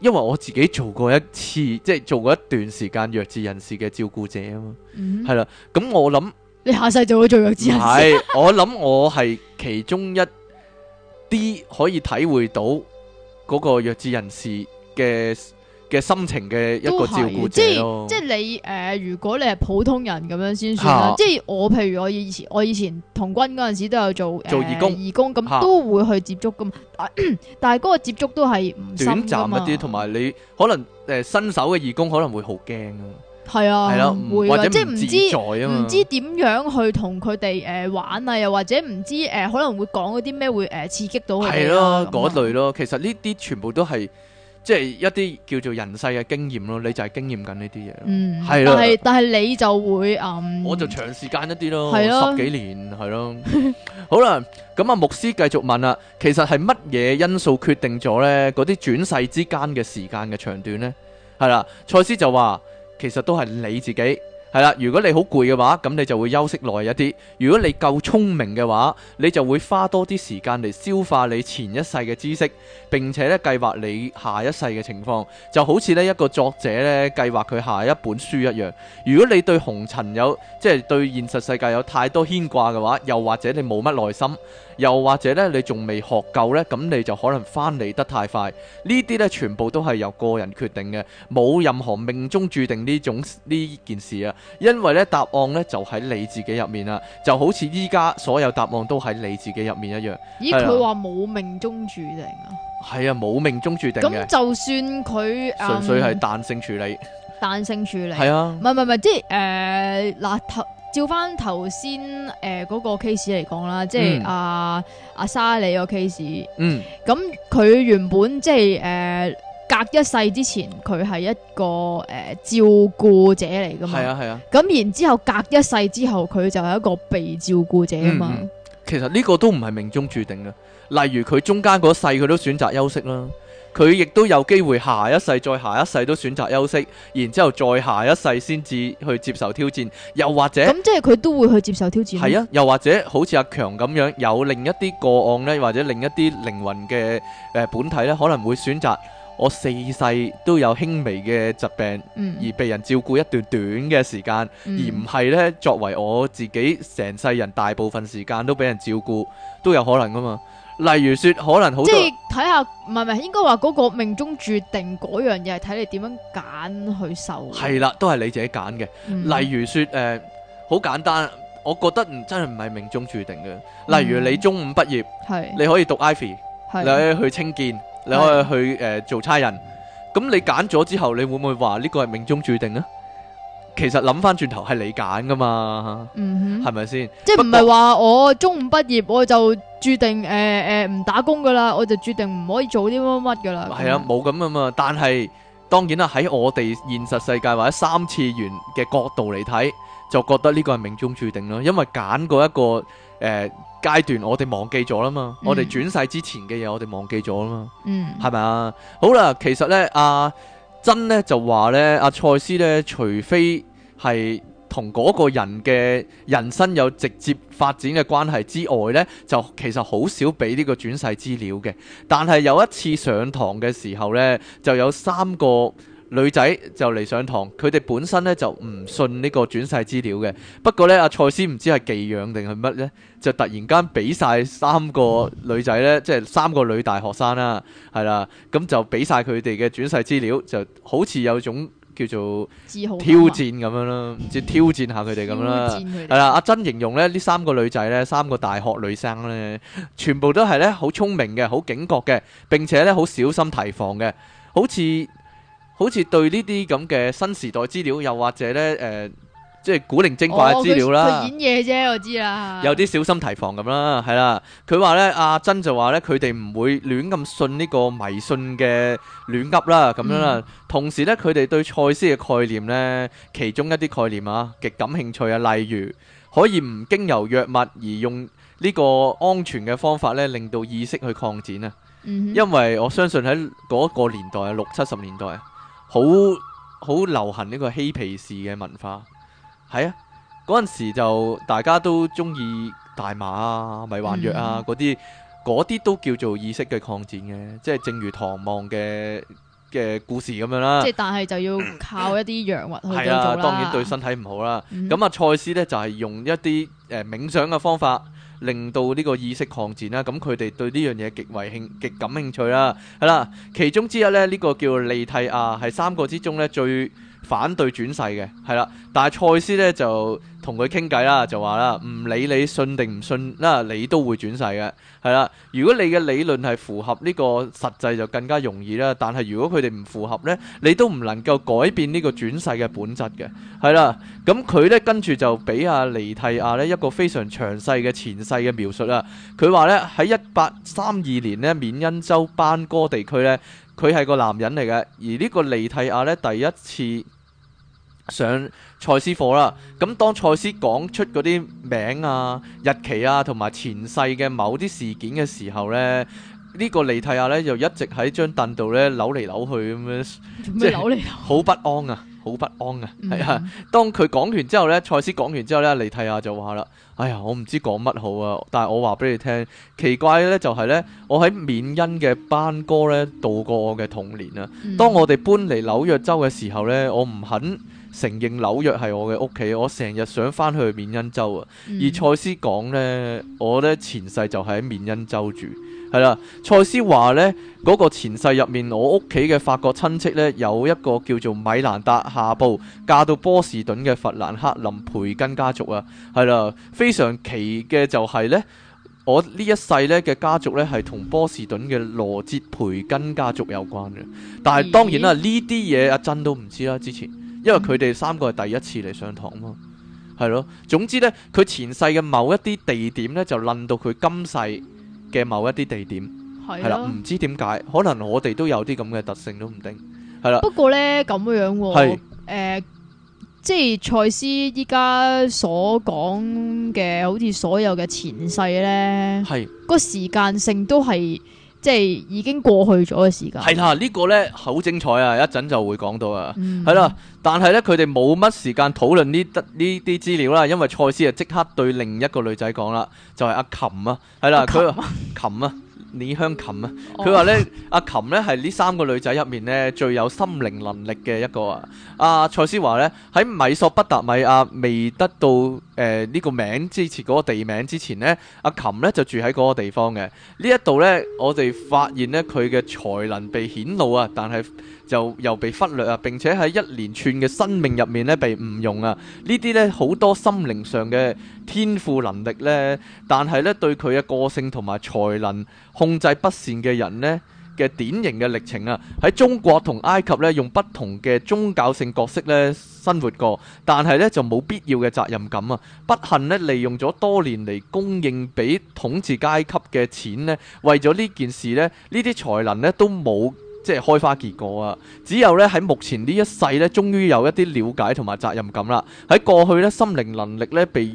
因為我自己做過一次，即係做過一段時間弱智人士嘅照顧者啊嘛，係、嗯、啦。咁我諗你下世就會做弱智人士。係，我諗我係其中一啲可以體會到嗰個弱智人士嘅。嘅心情嘅一個照顧者，即係即係你誒、呃，如果你係普通人咁樣先算啦。啊、即係我，譬如我以前，我以前同軍嗰陣時都有做做義工，呃、義工咁都會去接觸噶嘛。啊、但係嗰個接觸都係唔短暫一啲，同埋你可能誒新、呃、手嘅義工可能會好驚啊。係啊，係咯，唔會啊，即係唔知唔知點樣去同佢哋誒玩啊，又或者唔知誒、呃、可能會講嗰啲咩會誒、呃、刺激到佢哋啦。嗰類咯，啊、其實呢啲全部都係。即係一啲叫做人世嘅經驗咯，你就係經驗緊呢啲嘢，係咯。嗯、了但係但係你就會，嗯，我就長時間一啲咯，了十幾年係咯。 好啦，咁、嗯、啊牧師繼續問啦、啊，其實係乜嘢因素決定咗咧嗰啲轉世之間嘅時間嘅長短咧？係啦，賽斯就話其實都係你自己。係啦，如果你好攰嘅話，咁你就會休息耐一啲；如果你夠聰明嘅話，你就會花多啲時間嚟消化你前一世嘅知識，並且咧計劃你下一世嘅情況，就好似咧一個作者咧計劃佢下一本書一樣。如果你對紅塵有即係、就是、對現實世界有太多牽掛嘅話，又或者你冇乜耐心。又或者咧，你仲未學夠呢，咁你就可能翻嚟得太快。呢啲呢，全部都係由個人決定嘅，冇任何命中注定呢種呢件事啊。因為呢答案呢，就喺你自己入面啦，就好似依家所有答案都喺你自己入面一樣。咦？佢話冇命中注定啊？係啊，冇命中注定嘅。咁就算佢嗯、純粹係彈性處理，彈性處理係啊，唔係唔係，即係誒、呃照翻頭先誒嗰個 case 嚟講啦，即係阿阿莎莉個 case。嗯，咁佢、嗯、原本即係誒、呃、隔一世之前，佢係一個誒、呃、照顧者嚟㗎嘛。係啊係啊。咁、啊、然之後隔一世之後，佢就係一個被照顧者啊嘛、嗯。其實呢個都唔係命中注定嘅。例如佢中間嗰世，佢都選擇休息啦。佢亦都有機會下一世、再下一世都選擇休息，然之後再下一世先至去接受挑戰，又或者咁即係佢都會去接受挑戰。係啊，又或者好似阿強咁樣，有另一啲個案呢，或者另一啲靈魂嘅、呃、本體呢，可能會選擇我四世都有輕微嘅疾病，嗯、而被人照顧一段短嘅時間，嗯、而唔係咧作為我自己成世人大部分時間都俾人照顧都有可能㗎嘛。例如說可能好即係睇下，唔係唔係，應該話嗰個命中注定嗰樣嘢係睇你點樣揀去受。係啦，都係你自己揀嘅。例如說，誒，好簡單，我覺得唔真係唔係命中注定嘅。例如你中五畢業，係你可以讀 Ivy，你可以去清建，你可以去誒做差人。咁你揀咗之後，你會唔會話呢個係命中注定咧？其實諗翻轉頭係你揀噶嘛，係咪先？吧即係唔係話我中五畢業我就注定誒誒唔打工噶啦，我就注定唔、呃呃、可以做啲乜乜噶啦？係啊、嗯哼，冇咁啊嘛。但係當然啦，喺我哋現實世界或者三次元嘅角度嚟睇，就覺得呢個係命中注定咯。因為揀過一個誒階、呃、段，我哋忘記咗啦嘛，嗯、我哋轉世之前嘅嘢，我哋忘記咗啦嘛。嗯，係咪啊？好啦，其實呢。阿、呃。真咧就話咧，阿賽斯咧，除非係同嗰個人嘅人生有直接發展嘅關係之外咧，就其實好少俾呢個轉世資料嘅。但係有一次上堂嘅時候咧，就有三個。女仔就嚟上堂，佢哋本身咧就唔信呢個轉世資料嘅。不過咧，阿賽斯唔知係寄養定係乜呢，就突然間俾晒三個女仔呢，嗯、即係三個女大學生啦，係啦，咁就俾晒佢哋嘅轉世資料，就好似有種叫做挑戰咁樣咯，唔知挑戰下佢哋咁啦。係啦，阿珍形容咧，呢三個女仔呢，三個大學女生呢，全部都係呢好聰明嘅，好警覺嘅，並且呢好小心提防嘅，好似。好似對呢啲咁嘅新時代資料，又或者呢，誒、呃，即係古靈精怪嘅資料啦。哦、演嘢啫，我知啦。有啲小心提防咁啦，係啦。佢話呢，阿珍就話呢，佢哋唔會亂咁信呢個迷信嘅亂噏啦，咁樣啦。同時呢，佢哋對賽斯嘅概念呢，其中一啲概念啊，極感興趣啊。例如，可以唔經由藥物而用呢個安全嘅方法呢，令到意識去擴展啊。嗯、哼因為我相信喺嗰個年代啊，六七十年代啊。好好流行呢個嬉皮士嘅文化，係啊，嗰陣時就大家都中意大麻啊、迷幻藥啊嗰啲，嗰啲、嗯、哼都叫做意識嘅擴展嘅，即係正如唐望嘅嘅故事咁樣啦、啊。即係但係就要靠一啲藥物去咁做啦。係 啊，當然對身體唔好啦。咁、嗯、哼啊，賽斯咧就係、是、用一啲誒、呃、冥想嘅方法。令到呢個意識擴展啦，咁佢哋對呢樣嘢極為興極感興趣啦，係啦，其中之一咧，呢、呢個叫利替亞係三個之中咧最反對轉世嘅，係啦，但係賽斯咧就。同佢傾偈啦，就話啦，唔理你信定唔信啦，你都會轉世嘅，係啦。如果你嘅理論係符合呢個實際，就更加容易啦。但係如果佢哋唔符合呢，你都唔能夠改變呢個轉世嘅本質嘅，係啦。咁佢呢跟住就俾阿尼蒂亞呢一個非常詳細嘅前世嘅描述啦。佢話呢，喺一八三二年呢，緬因州班戈地區呢，佢係個男人嚟嘅，而呢個尼蒂亞呢第一次上賽斯課啦，咁當賽斯講出嗰啲名啊、日期啊同埋前世嘅某啲事件嘅時候呢，呢、呢個尼替亞呢就一直喺張凳度呢扭嚟扭去咁樣，即係好不安啊，好不安啊，係、嗯、啊。當佢講完之後呢，賽斯講完之後呢，尼替亞就話啦，哎呀，我唔知講乜好啊！但係我話俾你聽，奇怪呢就係呢，我喺緬恩嘅班哥呢度過我嘅童年啊。當我哋搬嚟紐約州嘅時候呢，我唔肯。承認紐約係我嘅屋企，我成日想翻去緬因州啊。嗯、而賽斯講呢，我呢前世就喺緬因州住係啦。賽斯話呢嗰、那個前世入面，我屋企嘅法國親戚呢，有一個叫做米蘭達夏布嫁到波士頓嘅弗蘭克林培根家族啊。係啦，非常奇嘅就係呢，我呢一世呢嘅家族呢，係同波士頓嘅羅哲培根家族有關嘅。但係當然啦，呢啲嘢阿珍都唔知啦，之前、啊。因為佢哋三個係第一次嚟上堂嘛，係咯。總之呢，佢前世嘅某一啲地點呢，就論到佢今世嘅某一啲地點，係啦的，唔知點解，可能我哋都有啲咁嘅特性都唔定，係啦。不過呢，咁樣、喔，係誒的、呃，即係賽斯依家所講嘅，好似所有嘅前世呢，係的個時間性都係。即係已經過去咗嘅時間。係啦，呢個呢，好精彩啊！一陣就會講到啊，係啦、嗯，但係呢，佢哋冇乜時間討論呢呢啲資料啦，因為賽斯就即刻對另一個女仔講啦，就係阿琴啊，係啦，佢、啊、琴啊。李香琴啊，佢話呢，阿、 啊、琴呢係呢三個女仔入面呢最有心靈能力嘅一個啊。阿、啊、蔡思華呢，喺米索不達米亞未得到誒呢、呃呢個名之前嗰個地名之前、啊、呢，阿琴呢就住喺嗰個地方嘅。呢一度呢，我哋發現呢，佢嘅才能被顯露啊，但係，就又被忽略啊！並且喺一連串嘅生命入面呢，被誤用啊！呢啲呢，好多心靈上嘅天賦能力呢，但係呢，對佢嘅個性同埋才能控制不善嘅人呢嘅典型嘅歷程啊！喺中國同埃及呢，用不同嘅宗教性角色呢生活過，但係呢，就冇必要嘅責任感啊！不幸呢，利用咗多年嚟供應俾統治階級嘅錢呢，為咗呢件事呢，呢啲才能呢都冇。即係開花結果啊！只有咧喺目前呢一世咧，終於有一啲了解同埋責任感啦。喺過去咧，心靈能力咧被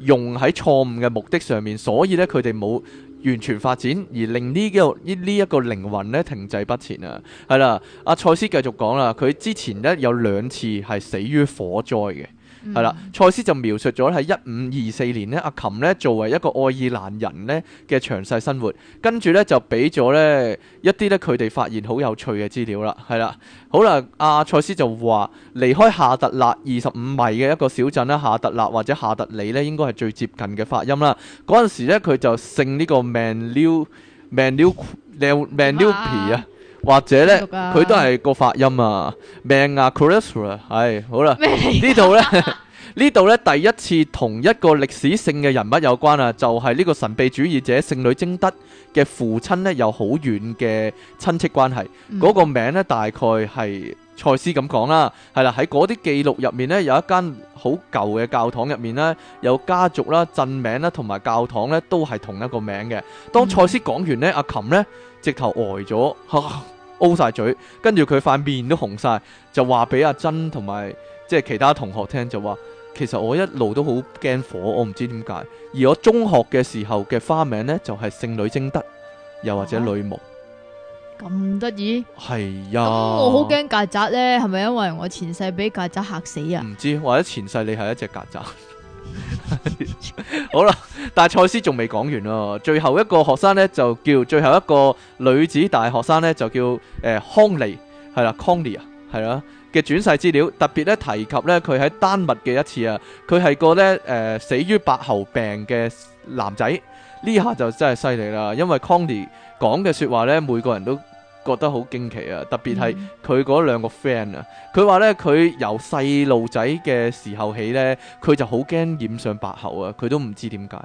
用喺錯誤嘅目的上面，所以咧佢哋冇完全發展，而令呢個呢呢一個靈魂咧停滯不前啊！係啦，阿、啊、賽斯繼續講啦，佢之前咧有兩次係死於火災嘅。係啦，賽斯就描述咗喺一五二四年、啊、呢，阿琴呢作為一個愛爾蘭人呢嘅詳細生活，跟住呢就俾咗呢一啲呢佢哋發現好有趣嘅資料啦。係啦，好啦，阿、啊、賽斯就話離開夏特納二十五米嘅一個小鎮啦，夏特納或者夏特里呢應該係最接近嘅發音啦。嗰陣時咧佢就姓呢個 m a n u l m a n u m a n u i p 啊。或者呢，佢都係個發音啊，命啊 c h r y s t e r 係好啦。呢度呢，呢度呢，第一次同一個歷史性嘅人物有關啊，就係、是、呢個神秘主義者聖女貞德嘅父親呢，有好遠嘅親戚關係。嗰、那個名呢，大概係賽斯咁講啦。係啦，喺嗰啲記錄入面呢，有一間好舊嘅教堂入面呢，有家族啦、啊、鎮名啦、啊，同埋教堂呢，都係同一個名嘅。當賽斯講完呢，阿、嗯啊、琴呢。直頭呆咗，O 晒嘴，跟住佢塊面都紅晒，就話俾阿珍同埋即係其他同學聽，就話其實我一路都好驚火，我唔知點解。而我中學嘅時候嘅花名呢，就係、是、聖女貞德，又或者女巫，咁得意？係呀，嗯、我好驚曱甴呢，係咪因為我前世俾曱甴嚇死啊？唔知或者前世你係一隻曱甴。 好啦，但係賽斯仲未講完咯，哦，最後一個學生呢，就叫最後一個女子大學生呢，就叫誒、呃、康妮係啦，Conny 啊係啦嘅轉世資料，特別咧提及呢，佢喺丹麥嘅一次啊，佢係個呢，誒、呃、死於白喉病嘅男仔，呢下就真係犀利啦，因為 Conny 講嘅說話呢，每個人都覺得好驚奇啊！特別係佢嗰兩個 friend 啊，佢話呢，佢由細路仔嘅時候起呢，佢就好驚染上白喉啊，佢都唔知點解，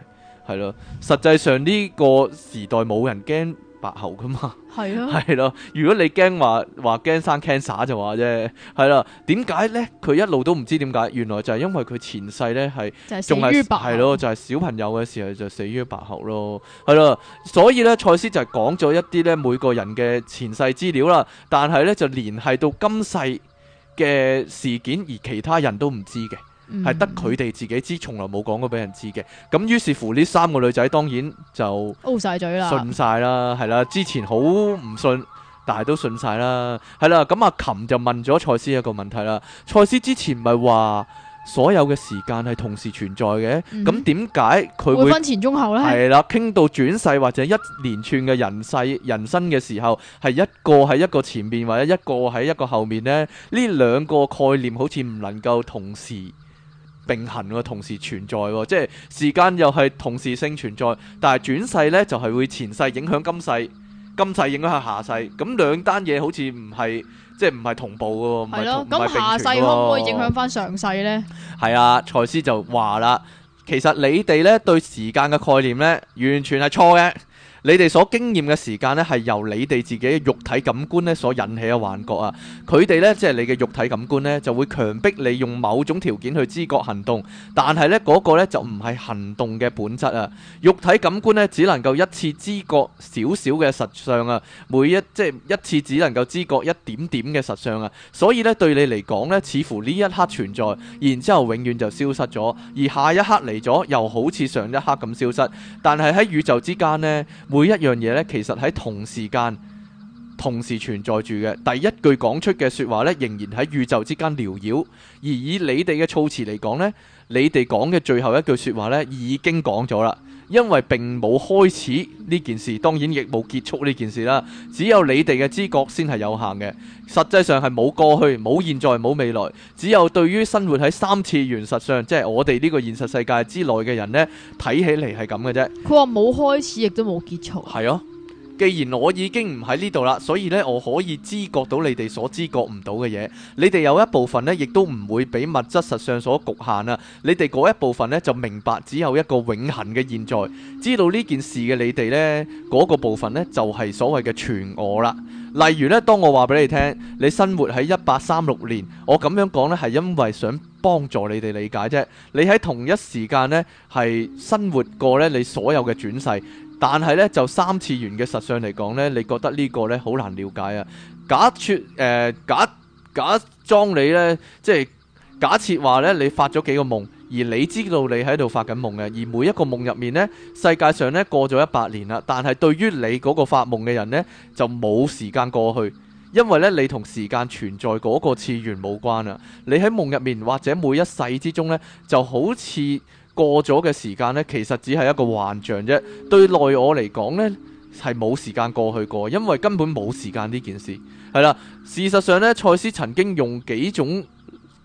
係咯。實際上呢個時代冇人驚。白喉噶嘛，係啊，係咯。如果你驚話話驚生 cancer 就話啫，係啦。點解呢？佢一路都唔知點解，原來就係因為佢前世呢係仲係係咯，就係、是、小朋友嘅時候就死於白喉咯，係咯。所以呢，賽斯就係講咗一啲呢，每個人嘅前世資料啦，但係呢，就聯繫到今世嘅事件，而其他人都唔知嘅。係得佢哋自己知，從來冇講過俾人知嘅。咁於是乎，呢三個女仔當然就 O 晒嘴啦，信晒啦，係啦。之前好唔信，但係都信晒啦，係啦。咁阿琴就問咗賽斯一個問題啦。賽斯之前咪話所有嘅時間係同時存在嘅，咁點解佢會分前中後咧？係啦，傾到轉世或者一連串嘅人世人生嘅時候，係一個喺一個前面，或者一個喺一個後面呢？呢兩個概念好似唔能夠同時。並行喎，同時存在喎，即係時間又係同時性存在，但係轉世呢，就係、是、會前世影響今世，今世影響下世，咁兩單嘢好似唔係即係唔係同步嘅喎。係咯了，咁、嗯、下世可唔可以影響翻上世呢？係啊，賽斯就話啦，其實你哋呢對時間嘅概念呢，完全係錯嘅。你哋所經驗嘅時間咧，係由你哋自己嘅肉體感官咧所引起嘅幻覺啊！佢哋呢，即係你嘅肉體感官呢，就會強迫你用某種條件去知覺行動，但係呢嗰個呢就唔係行動嘅本質啊！肉體感官呢，只能夠一次知覺少少嘅實相啊，每一即係一次只能夠知覺一點點嘅實相啊，所以呢，對你嚟講呢，似乎呢一刻存在，然之後永遠就消失咗，而下一刻嚟咗，又好似上一刻咁消失，但係喺宇宙之間呢。每一樣嘢咧，其實喺同時間同時存在住嘅。第一句講出嘅說話咧，仍然喺宇宙之間繚繞；而以你哋嘅措辭嚟講咧，你哋講嘅最後一句說話咧，已經講咗啦。因為並冇開始呢件事，當然亦冇結束呢件事啦。只有你哋嘅知覺先係有限嘅，實際上係冇過去、冇現在、冇未來。只有對於生活喺三次元實上，即係我哋呢個現實世界之內嘅人呢，睇起嚟係咁嘅啫。佢話冇開始，亦都冇結束。係啊 既然我已經唔喺呢度啦，所以呢，我可以知覺到你哋所知覺唔到嘅嘢。你哋有一部分呢，亦都唔會俾物質實相所局限啦。你哋嗰一部分呢，就明白只有一個永恆嘅現在。知道呢件事嘅你哋呢，嗰個部分呢，就係所謂嘅全我啦。例如呢，當我話俾你聽，你生活喺一八三六年，我咁樣講呢，係因為想幫助你哋理解啫。你喺同一時間呢，係生活過呢你所有嘅轉世。但係咧，就三次元嘅實相嚟講呢，你覺得呢個呢好難了解啊！假設誒、呃、假假裝你呢，即係假設話呢，你發咗幾個夢，而你知道你喺度發緊夢嘅，而每一個夢入面呢，世界上呢，過咗一百年啦，但係對於你嗰個發夢嘅人呢，就冇時間過去，因為呢，你同時間存在嗰個次元冇關啊。你喺夢入面或者每一世之中呢，就好似。過咗嘅時間呢，其實只係一個幻象啫。對內我嚟講呢，係冇時間過去過，因為根本冇時間呢件事。係啦，事實上呢，賽斯曾經用幾種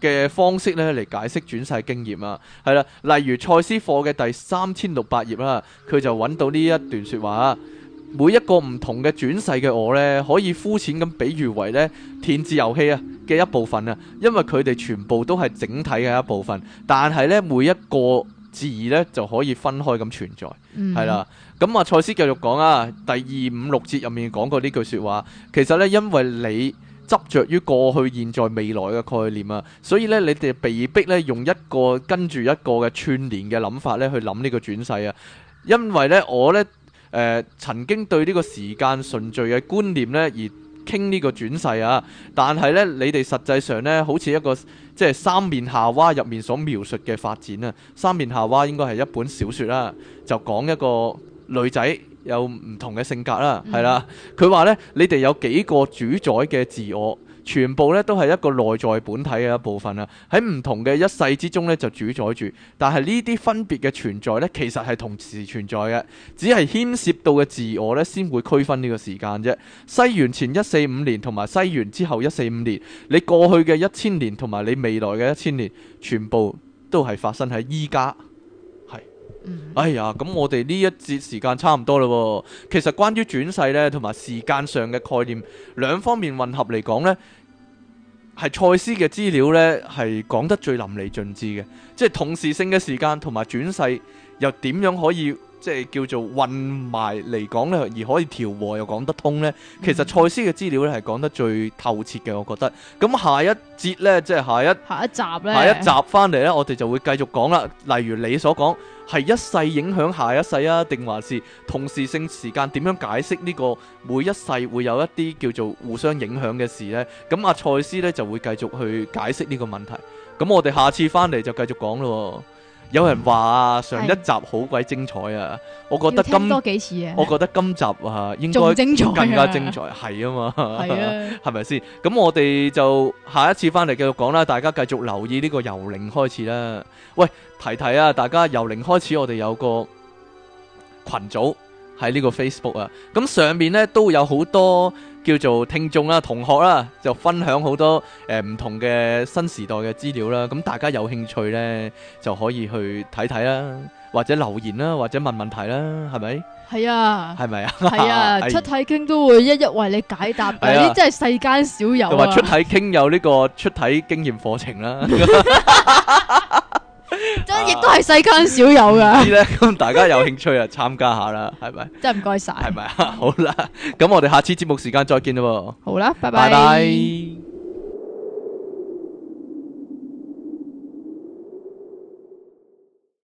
嘅方式呢嚟解釋轉世經驗啊。係啦，例如賽斯課嘅第三千六百頁啦，佢就揾到呢一段說話啊，每一個唔同嘅轉世嘅我呢，可以膚淺咁比喻為呢，填字遊戲啊嘅一部分啊。因為佢哋全部都係整體嘅一部分，但係呢，每一個。自然咧就可以分開咁存在，係啦、嗯。咁啊，賽斯繼續講啊，第二五六節入面講過呢句説話，其實咧因為你執着於過去、現在、未來嘅概念啊，所以咧你哋被逼咧用一個跟住一個嘅串連嘅諗法咧去諗呢個轉世啊。因為咧我咧誒、呃、曾經對呢個時間順序嘅觀念咧而。傾呢個轉世啊！但係呢，你哋實際上呢，好似一個即係三面夏娃入面所描述嘅發展啊！三面夏娃應該係一本小説啦、啊，就講一個女仔有唔同嘅性格啦、啊，係啦、啊，佢話呢，你哋有幾個主宰嘅自我。全部咧都係一個內在本體嘅一部分啦，喺唔同嘅一世之中咧就主宰住。但係呢啲分別嘅存在咧，其實係同時存在嘅，只係牽涉到嘅自我咧先會區分呢個時間啫。西元前一四五年同埋西元之後一四五年，你過去嘅一千年同埋你未來嘅一千年，全部都係發生喺依家。哎呀，咁我哋呢一節時間差唔多啦喎、哦。其實關於轉世呢，同埋時間上嘅概念兩方面混合嚟講呢，係賽斯嘅資料呢係講得最淋漓盡致嘅，即係同時性嘅時間同埋轉世又點樣可以？即係叫做混埋嚟講咧，而可以調和又講得通呢。其實賽斯嘅資料咧係講得最透徹嘅，我覺得。咁下一節呢，即係下一下一集呢，下一集翻嚟呢，我哋就會繼續講啦。例如你所講係一世影響下一世啊，定還是同時性時間點樣解釋呢個每一世會有一啲叫做互相影響嘅事呢？咁阿賽斯呢就會繼續去解釋呢個問題。咁我哋下次翻嚟就繼續講咯。有人話啊，上一集好鬼精彩啊！嗯、我覺得今幾、啊、我覺得今集啊，應該更加精彩，係啊嘛，係咪先？咁、 啊、我哋就下一次翻嚟繼續講啦，大家繼續留意呢個由零開始啦。喂，提提啊，大家由零開始，我哋有個群組喺呢個 Facebook 啊，咁上面咧都有好多。叫做聽眾啦、同學啦，就分享好多誒、呃、唔同嘅新時代嘅資料啦。咁大家有興趣呢，就可以去睇睇啦，或者留言啦，或者問問題啦，係咪？係啊，係咪吧啊？係啊，出體經都會一一為你解答。呢真係世間少有啊！同埋出體經有呢個出體經驗課程啦。 真亦都係世間少有噶 咁大家有興趣啊，參 加下啦，係咪？真係唔該晒，係咪啊？好啦，咁我哋下次節目時間再見咯。好啦，拜拜。拜拜